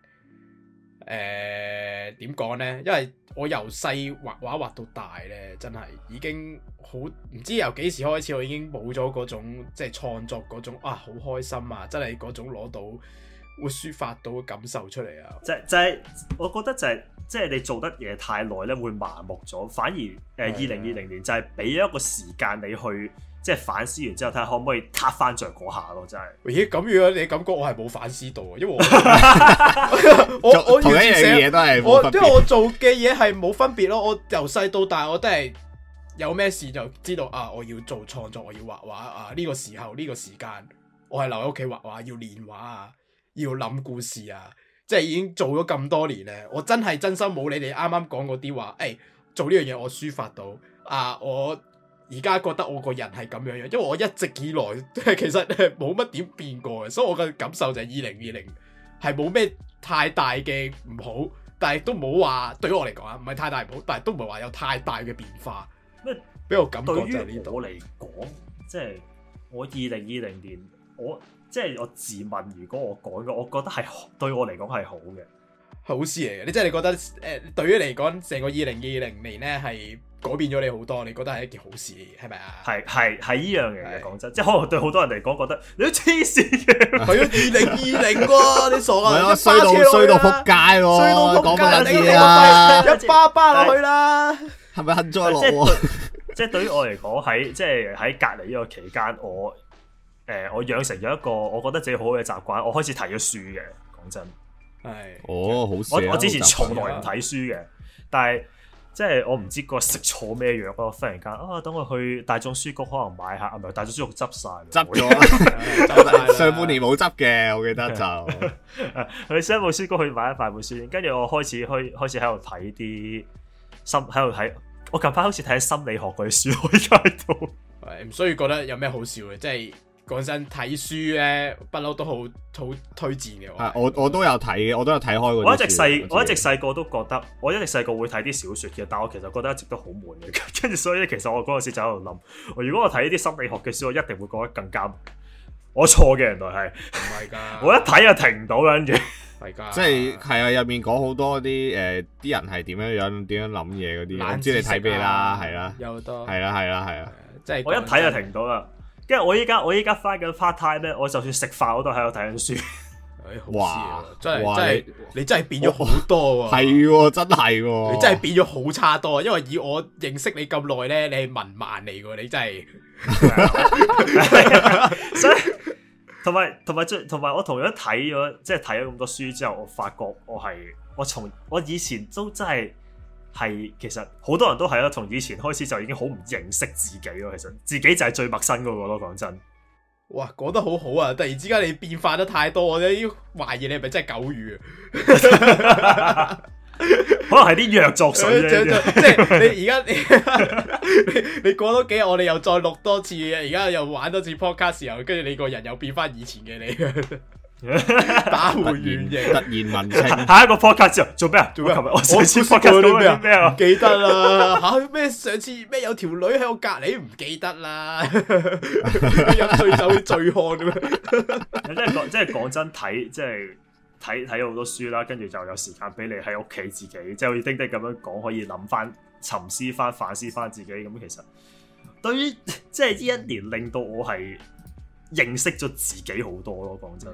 誒點講呢？因為我由細畫畫畫到大呢，真係已經好唔知由幾時開始，我已經冇咗嗰種即係創作嗰種啊，好開心啊！真係嗰種攞到。會抒發到嘅感受出嚟啊！即係就係、是，就是、我覺得就係、是，即、就、係、是、你做得嘢太耐咧，會麻木咗。反而誒，二零二零年就係俾一個時間你去，即、就、係、是、反思完之後，睇下可唔可以撻翻着嗰下咯。真係咦咁樣？如果你感覺我係冇反思到啊？因為我同一樣嘢都係我，即我做嘅嘢係冇分別咯。我由細到大，我都係有咩事就知道啊！我要做創作，我要畫畫啊！呢、這個時候呢、這個時間，我係留喺屋企畫畫，要練畫啊！要諗故事啊，即係已經做咗咁多年咧，我真係真心冇理你哋啱啱講嗰啲話，誒、欸，做呢樣嘢我抒發到啊，我而家覺得我個人係咁樣樣，因為我一直以來其實冇乜點變過嘅，所以我嘅感受就係二零二零係冇咩太大嘅唔好，但係都冇好話對於我嚟講唔係太大唔好，但係都唔係話有太大嘅變化。咩麼？俾我感覺就係我嚟講，即係我二零二零年我。即係我自問，如果我改過，我覺得係對我嚟講係好嘅好事嚟嘅。你即係你覺得，誒，對於嚟講，成個二零二零年咧係改變咗你好多，你覺得係一件好事，係咪啊？係係係，呢樣嘢，嘅講真，即係可能對好多人嚟講，覺得你都黐線嘅，係二零二零喎，你傻啊！衰到衰到撲街咯，講乜嘢啊？一巴巴落去啦，係咪幸災樂禍！即係對於我嚟講，喺即係喺隔離呢個期間，我。誒，我養成咗一個我覺得自己好好嘅習慣，我開始睇咗書嘅。講真，係哦，好！我我之前從來唔睇書嘅，但係即係我唔知個食錯咩藥咯。我忽然間啊，等我去大眾書局可能買下，唔、啊、係大眾書局執晒，執咗理。 [LAUGHS] 上半年冇執嘅，我記得 [LAUGHS] 就 [LAUGHS] [LAUGHS] 去商務書局去買一塊本書，跟住我開始開開始喺度睇啲心喺度睇。我近排好似睇心理學嗰啲書喺度，所以覺得有咩好笑嘅，即係。講真，睇書咧，不嬲都好好推薦嘅。我我都有睇嘅，我都有睇開。我一直細，我一直細個都覺得，我一直細個會睇啲小說嘅，但我其實覺得一直都好悶嘅。跟住所以其實我嗰陣時就喺度諗，如果我睇啲心理學嘅書，我一定會覺得更加。我錯嘅原來係唔係噶？我一睇就停唔到啦，跟住即係係啊！入面講好多啲誒，啲人係點樣樣、點樣諗嘢嗰啲，唔知你睇咩啦，係啦，有多，係啦，係啦，係啊！即係我一睇就停唔到啦。因為我依家，我依家返緊 part time 咧，我就算食飯我都喺度睇緊書。哎好啊、哇，真係真係，你真係變咗好多喎。係喎，真係喎，你真係變咗好差多。因為以我認識你咁耐咧，你係文盲嚟噶，你真係。 [LAUGHS] [LAUGHS] [LAUGHS] 所以同埋同埋即同埋我同樣睇咗，即係睇咗咁多書之後，我發覺我係我從我以前都真係。係其實好多人都係咯，從以前開始就已經好唔認識自己咯。其實自己就係最陌生嗰個咯。講真，哇，講得好好啊！突然之間你變化得太多，我都要懷疑你係咪真係狗語啊？ [LAUGHS] [LAUGHS] 可能係啲藥作祟啫。 [LAUGHS] 即係你而家 [LAUGHS] [LAUGHS] 你你過多幾日，我哋又再錄多次，而家又玩多次 podcast，又跟住你個人又變翻以前嘅你。 [LAUGHS] [LAUGHS] 打回原形，突然文青，下一個 p o d c a s t 之後做咩啊？做咩？琴日我上次 p o d c a s t 到啲咩啊？記得啦，吓咩？上次咩？有條女喺我隔籬，唔記得啦。飲 [LAUGHS] [LAUGHS] 醉酒醉漢咁樣。即係講，即係講真，睇即係睇睇好多書啦，跟住就有時間俾你喺屋企自己，即係好似丁丁咁樣講，可以諗翻、沉思翻、反思翻自己。咁其實對於即係呢一年，令到我係認識咗自己好多咯。講真。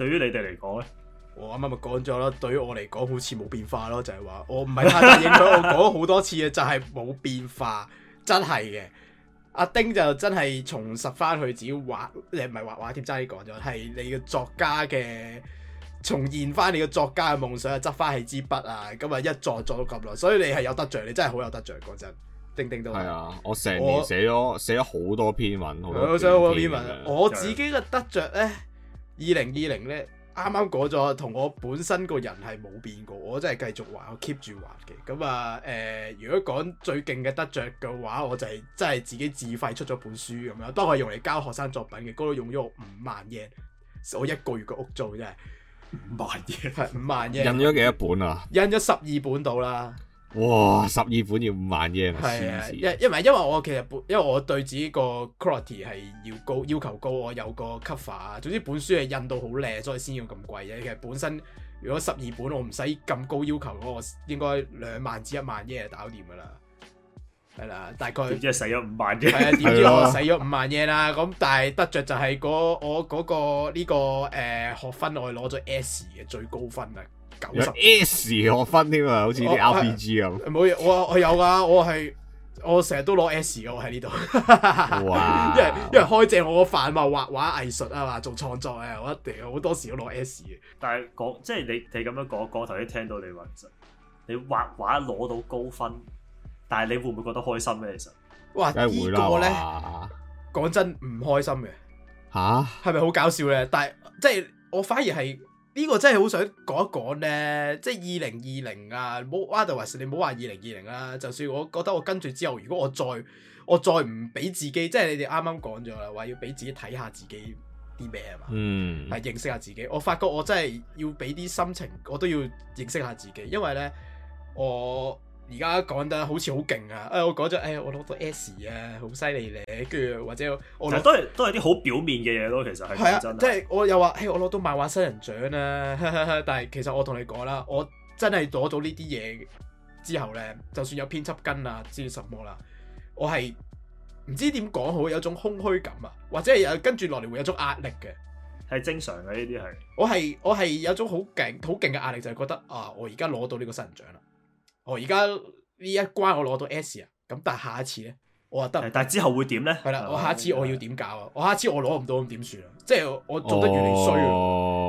對於你哋嚟講咧，我啱啱咪講咗啦。對於 [LAUGHS] 我嚟講，好似冇變化咯，就係話我唔係太大影響。我講咗好多次嘅，就係冇變化，真係嘅。阿丁就真係重拾翻佢自己畫，畫畫你唔係畫畫添，爭啲講咗，係你嘅作家嘅重現翻你嘅作家嘅夢想啊，執翻起支筆啊，咁、嗯、啊，一作作到咁耐，所以你係有得着，你真係好有得着。嗰陣丁丁都係啊，我成年我寫咗寫咗好多篇文，好多篇文，我自己嘅得着咧。二零二零咧，啱啱過咗，同我本身個人係冇變過，我真係繼續畫，我 keep 住畫嘅。咁啊，誒、呃，如果講最勁嘅得着嘅話，我就係真係自己自費出咗本書咁樣，當係用嚟交學生作品嘅，嗰度用咗我五萬嘢，我一個月個屋租啫，係五萬嘢， [LAUGHS] 五萬嘢。印咗幾多本啊？印咗十二本到啦。哇！十二本要五萬嘢？係啊，因因為因為我其實本，因為我對自己個 quality 係要高，要求高，我有個 cover，總之本書係印到好靚，所以先要咁貴嘅。其實本身如果十二本我唔使咁高要求，我應該兩萬至一萬 yen 就搞掂噶啦。係啦、啊，大概即係使咗五萬嘢啊，點知我使咗五萬嘢 e 啦？咁 [LAUGHS] 但係得着就係、嗰個、我嗰、嗰個呢、呢個誒、呃、學分我，我攞咗 S 嘅最高分啊！九十 S 學 90. 分添 [LAUGHS] 啊，好似啲 RPG 咁。冇嘢，我我有噶，我係我成日都攞 S 嘅，我喺呢度。因為因為開正我個飯嘛，畫畫藝術啊嘛，做創作啊。我一定好多時都攞 S 嘅。 但係講，即係你你咁樣講，個頭先聽到你話，其實你畫畫攞到高分，但係你會唔會覺得開心咧？其實哇，會個呢個咧，講真唔開心嘅吓，係咪好搞笑咧？但係即係我反而係。呢個真係好想講一講呢，即係二零二零啊，唔好話還是你唔好話二零二零啊，就算我覺得我跟住之後，如果我再我再唔俾自己，即係你哋啱啱講咗啦，話要俾自己睇下自己啲咩啊嘛，嗯，係認識下自己，我發覺我真係要俾啲心情，我都要認識下自己，因為呢我。而家講得好似好勁啊！誒、哎，我講咗誒，我攞到 S 啊，好犀利咧！跟住或者我都係都係啲好表面嘅嘢咯，其實係、啊、真係。即係我又話，誒，我攞到漫畫新人獎啦，啊！但係其實我同你講啦，我真係攞到呢啲嘢之後咧，就算有編輯根啊，知什麼啦，我係唔知點講好，有種空虛感啊，或者係跟住落嚟會有種壓力嘅。係正常嘅呢啲係。我係我係有種好勁好勁嘅壓力，就係、是、覺得啊，我而家攞到呢個新人獎啦！我而家呢一關，我攞到 S 啊，咁但係下一次咧，我話得。但係之後會點咧？係啦，我下一次我要點搞啊？我下一次我攞唔到咁點算啊？即係我做得越嚟越衰啊！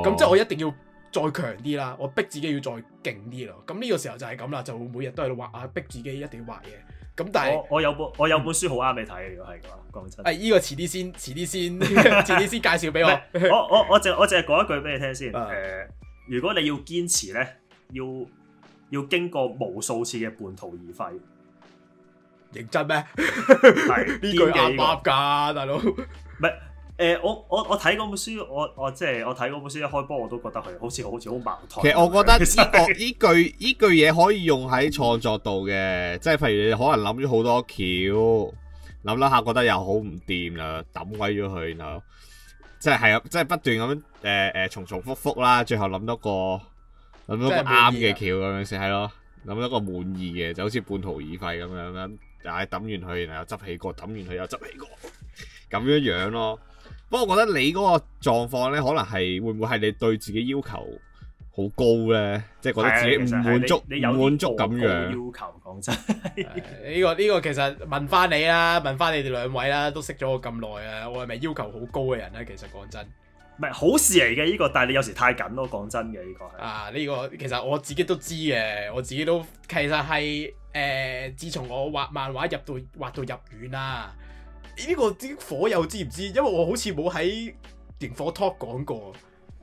咁即係我一定要再強啲啦，我逼自己要再勁啲啦。咁呢個時候就係咁啦，就每日都喺度畫啊，逼自己一定要畫嘢。咁但係我有本我有本書好啱你睇，如果係嘅話，講真。係呢個遲啲先，遲啲先，遲啲先介紹俾我。我我我淨我淨係講一句俾你聽先。誒，如果你要堅持咧，要。要經過無數次嘅半途而廢，認真咩？係呢句啱唔啱？噶大佬，唔係？誒，我我我睇嗰本書，我我即係我睇嗰本書一開波，我都覺得佢好似好似好矛盾。其實我覺得呢個呢句呢句嘢可以用喺創作度嘅，即係譬如你可能諗咗好多橋，諗諗下覺得又好唔掂啦，抌鬼咗佢，然後即係係啊，即係不斷咁樣誒誒，重重複複啦，最後諗多個。諗到個啱嘅橋咁樣先係咯，諗到個滿意嘅就好似半途而廢咁樣樣，又係抌完佢，然後又執起個，抌完佢又執起個，咁樣樣咯。不過我覺得你嗰個狀況咧，可能係會唔會係你對自己要求好高咧？即係覺得自己唔滿足，你有滿足咁樣？要求講真，呢個 [LAUGHS] [LAUGHS] 呢個其實問翻你啦，問翻你哋兩位啦，都識咗我咁耐啊，我係咪要求好高嘅人咧？其實講真。唔係好事嚟嘅呢個，但係你有時太緊咯，講真嘅呢個係。啊，呢、這個其實我自己都知嘅，我自己都其實係誒、呃，自從我畫漫畫入到畫到入院啦，呢、這個啲、這個、火友知唔知？因為我好似冇喺營火 talk 講過。講一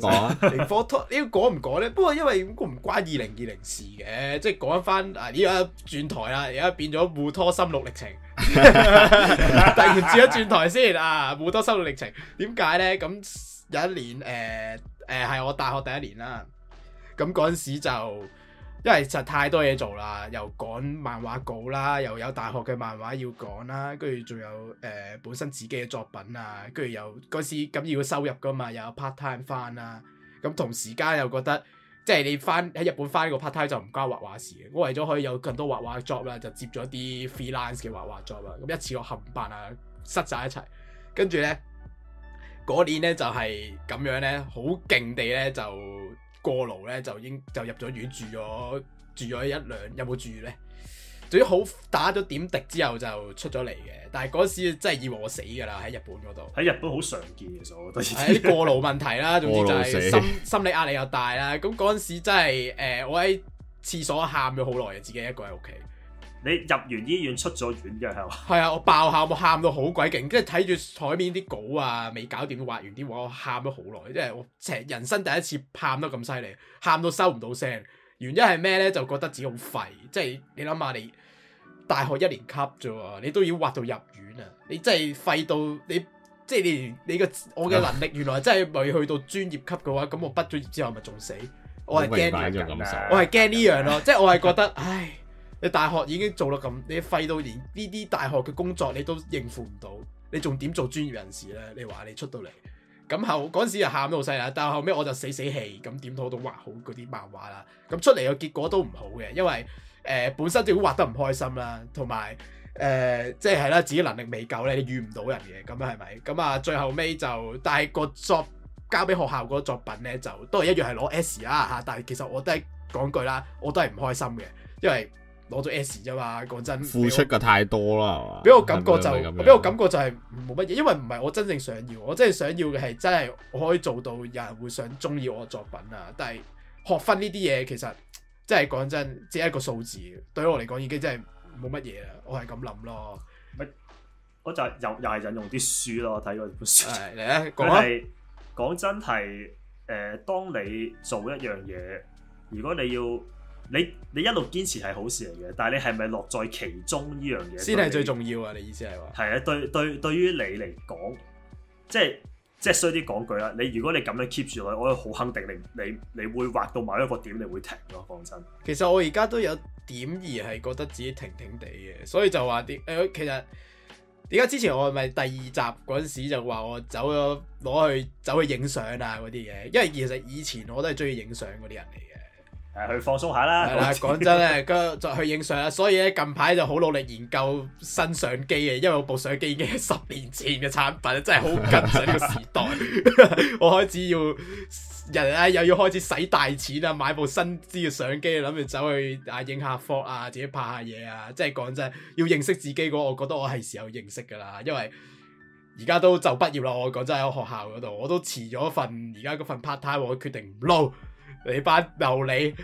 講啊，零方拖呢講唔講咧？不過因為唔關二零二零事嘅，即係講一翻啊！而家轉台啦，而家變咗互拖心路歷程， [LAUGHS] [LAUGHS] 突然轉咗轉台先啊！互拖心路歷程點解咧？咁有一年誒誒係我大學第一年啦，咁嗰陣時就。因為實太多嘢做啦，又講漫畫稿啦，又有大學嘅漫畫要講啦，跟住仲有誒、呃、本身自己嘅作品啊，跟住又嗰時咁要收入噶嘛，又有 part time 返啦，咁同時間又覺得即係你返喺日本返個 part time 就唔關畫畫事嘅。我為咗可以有更多畫畫 job 啦，就接咗啲 freelance 嘅畫畫 job 啦，咁一次過冚唪唥塞晒一齊，跟住咧嗰年咧就係、是、咁樣咧，好勁地咧就～過勞咧就已經就入咗院住咗住咗一兩有冇住咧？總之好打咗點滴之後就出咗嚟嘅，但係嗰時真係以為我死噶啦喺日本嗰度。喺日本好常見嘅所，喺、就、啲、是 [LAUGHS] 哎、過勞問題啦，總之就係心心，心理壓力又大啦。咁嗰陣時真係誒、呃，我喺廁所喊咗好耐啊，自己一個人喺屋企。你入完醫院出咗院嘅，係嘛？係啊，我爆喊，我喊到好鬼勁，跟住睇住台面啲稿啊，未搞掂，畫完啲畫，我喊咗好耐，即係我，成人生第一次喊得咁犀利，喊到收唔到聲。原因係咩呢？就覺得自己好廢，即係你諗下，你大學一年級啫喎，你都要畫到入院啊！你真係廢到你，即係你連你個我嘅能力原來真係未去到專業級嘅話，咁 [LAUGHS] 我畢咗業之後咪仲死？我係驚呢樣， [LAUGHS] 我係驚呢樣咯，即係我係覺得，唉。你大學已經做到咁，你廢到連呢啲大學嘅工作你都應付唔到，你仲點做專業人士咧？你話你出到嚟，咁後嗰陣時就喊到好犀利，但後尾我就死死氣，咁點都好都畫好嗰啲漫畫啦，咁出嚟嘅結果都唔好嘅，因為誒、呃、本身就好畫得唔開心啦，同埋誒即係係啦，自己能力未夠咧，你遇唔到人嘅咁樣係咪？咁啊最後尾就但係個作交俾學校嗰個作品咧，就都係一樣係攞 S 啦嚇，但係其實我都係講句啦，我都係唔開心嘅，因為。攞咗 S 啫嘛，講真，付出嘅太多啦，係嘛？俾我感覺就俾我感覺就係冇乜嘢，因為唔係我真正想要，我真係想要嘅係真係我可以做到有人會想中意我嘅作品啊！但係學分呢啲嘢其實真係講真，只係一個數字，對於我嚟講已經真係冇乜嘢啦。我係咁諗咯。咪我就又又係引用啲書咯，睇過本書，嚟啊，講啊，講真係誒，當你做一樣嘢，如果你要。你你一路堅持係好事嚟嘅，但係你係咪樂在其中呢樣嘢先係最重要啊？你意思係話？係啊，對對，對於你嚟講，即係即係衰啲講句啦。你如果你咁樣 keep 住佢，我好肯定你你你會畫到某一個點，你會，你會停咯。放心，其實我而家都有點而係覺得自己停停地嘅，所以就話啲誒，其實點解之前我係咪第二集嗰陣時就話我走咗攞去走去影相啊嗰啲嘢？因為其實以前我都係鍾意影相嗰啲人嚟嘅。誒，去放鬆下啦！係啦， [LAUGHS] [LAUGHS] 講真咧，跟再去影相，所以咧近排就好努力研究新相機嘅，因為我部相機已經十年前嘅產品，真係好跟唔上呢個時代。 [LAUGHS] [LAUGHS] 我開始要人啊，又要開始使大錢啊，買部新啲嘅相機，諗住走去啊影下貨啊，自己拍下嘢啊，即係講真，真，要認識自己嗰個，我覺得我係時候認識噶啦，因為而家都就畢業啦，我講真喺我學校嗰度，我都辭咗份，而家嗰份 part time 我決定唔撈你班留你，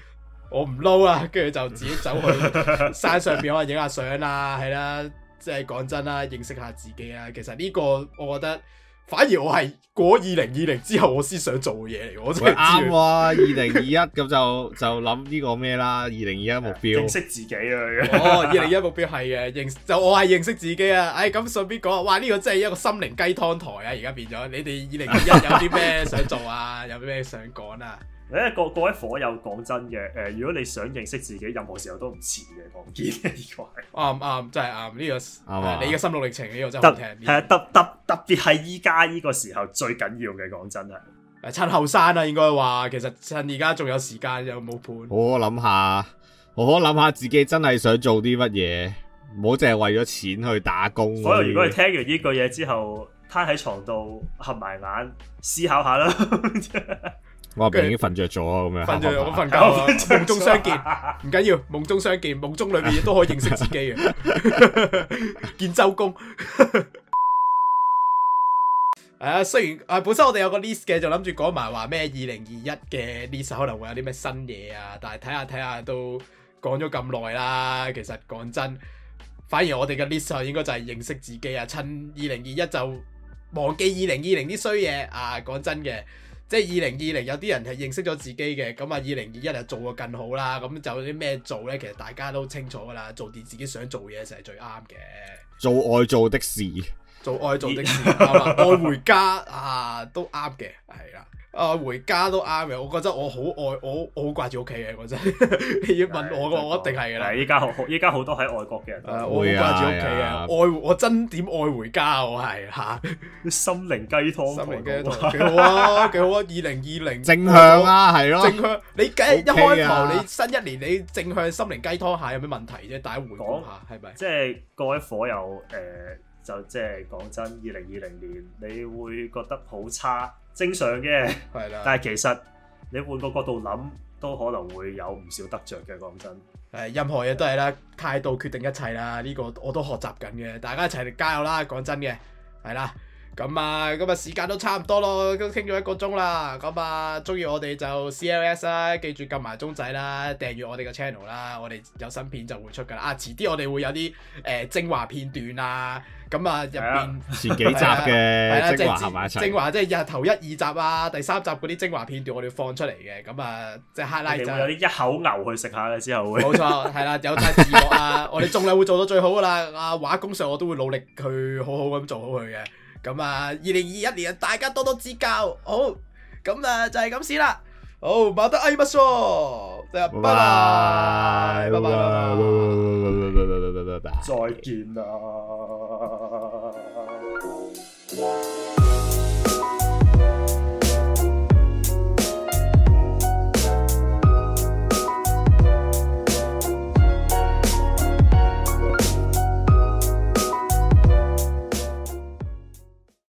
我唔撈啊！跟住就自己走去山上邊， [LAUGHS] 啊，影下相啦，係啦，即係講真啦，認識下自己啊。其實呢個我覺得，反而我係過二零二零之後，我先想做嘢嚟。 [LAUGHS] 我真啱 [LAUGHS] 啊！二零二一咁就就諗呢個咩啦？二零二一目標，認識自己啊！哦、哎，二零二一目標係嘅，認就我係認識自己啊！唉，咁順便講啊，哇，呢、呢個真係一個心靈雞湯台啊！而家變咗，你哋二零二一有啲咩想做啊？有啲咩想講啊？誒，各各位火友，講真嘅，誒、呃，如果你想認識自己，任何時候都唔遲嘅，講堅呢個係。啱啱真係啱，呢、uh, uh, 個啱你嘅心路歷程呢個真好聽。係啊、uh, 特，特特特別係依家呢個時候最緊要嘅，講真啊，趁後生啊，應該話，其實趁而家仲有時間有冇伴。好好諗下，好好諗下自己真係想做啲乜嘢，唔好淨係為咗錢去打工。所以如果你聽完呢句嘢之後，攤喺床度合埋眼思考下囉。 [LAUGHS] 我唔係已經瞓著咗啊！咁樣瞓著，我瞓覺啊！夢中相見，唔緊要，夢中相見，夢中裏面亦都可以認識自己嘅，見周公。係啊，雖然誒本身我哋有個 list 嘅，就諗住講埋話咩二零二一嘅 list 可能會有啲咩新嘢啊，但係睇下睇下都講咗咁耐啦。其實講真，反而我哋嘅 list 應該就係認識自己啊。趁二零二一就忘記二零二零啲衰嘢啊！講真嘅。即係二零二零有啲人係認識咗自己嘅，咁啊二零二一就做嘅更好啦，咁就有啲咩做呢？其實大家都清楚噶啦，做啲自己想做嘢成係最啱嘅，做愛做的事，做愛做的事，係 [LAUGHS] 愛回家啊都啱嘅，係啦。啊！回家都啱嘅，我覺得我好愛我，我好掛住屋企嘅，講真。你要問我嘅，我一定係啦。依家好，依家好多喺外國嘅人都好掛住屋企嘅，愛我真點愛回家我係吓，心靈雞湯，心靈雞湯幾好啊，幾好啊！二零二零正向啊，係咯，正向。你計一開頭，你新一年你正向心靈雞湯下有咩問題啫？大家回講下係咪？即係各位火友，誒，就即係講真，二零二零年你會覺得好差。正常嘅，係啦。但係其實你換個角度諗，都可能會有唔少得着嘅。講真，誒，任何嘢都係啦，態度決定一切啦。呢個我都學習緊嘅，大家一齊嚟加油啦！講真嘅，係啦。咁啊，咁啊，時間都差唔多咯，都傾咗一個鐘啦。咁啊，中意我哋就 CLS 啦，記住撳埋鐘仔啦，訂閱我哋嘅 channel 啦。我哋有新片就會出噶啦。啊，遲啲我哋會有啲誒、呃、精華片段啊。咁啊，入邊前幾集嘅精華係嘛、啊？啊、精華即係是日頭一二集啊，第三集嗰啲精華片段我哋放出嚟嘅。咁啊，即係 highlight 有啲一口牛去食下嘅之後會，冇錯，係啦、啊，有晒字幕啊。 [LAUGHS] 我哋盡量會做到最好噶啦。啊，畫工上我都會努力去好好咁做好佢嘅。咁啊，二零二一年啊，大家多多指教，好，咁啊就係咁先啦，好，馬德埃不蘇，拜拜，拜拜，拜拜，拜拜，拜拜，拜拜，拜拜，再見啦！ [MUSIC]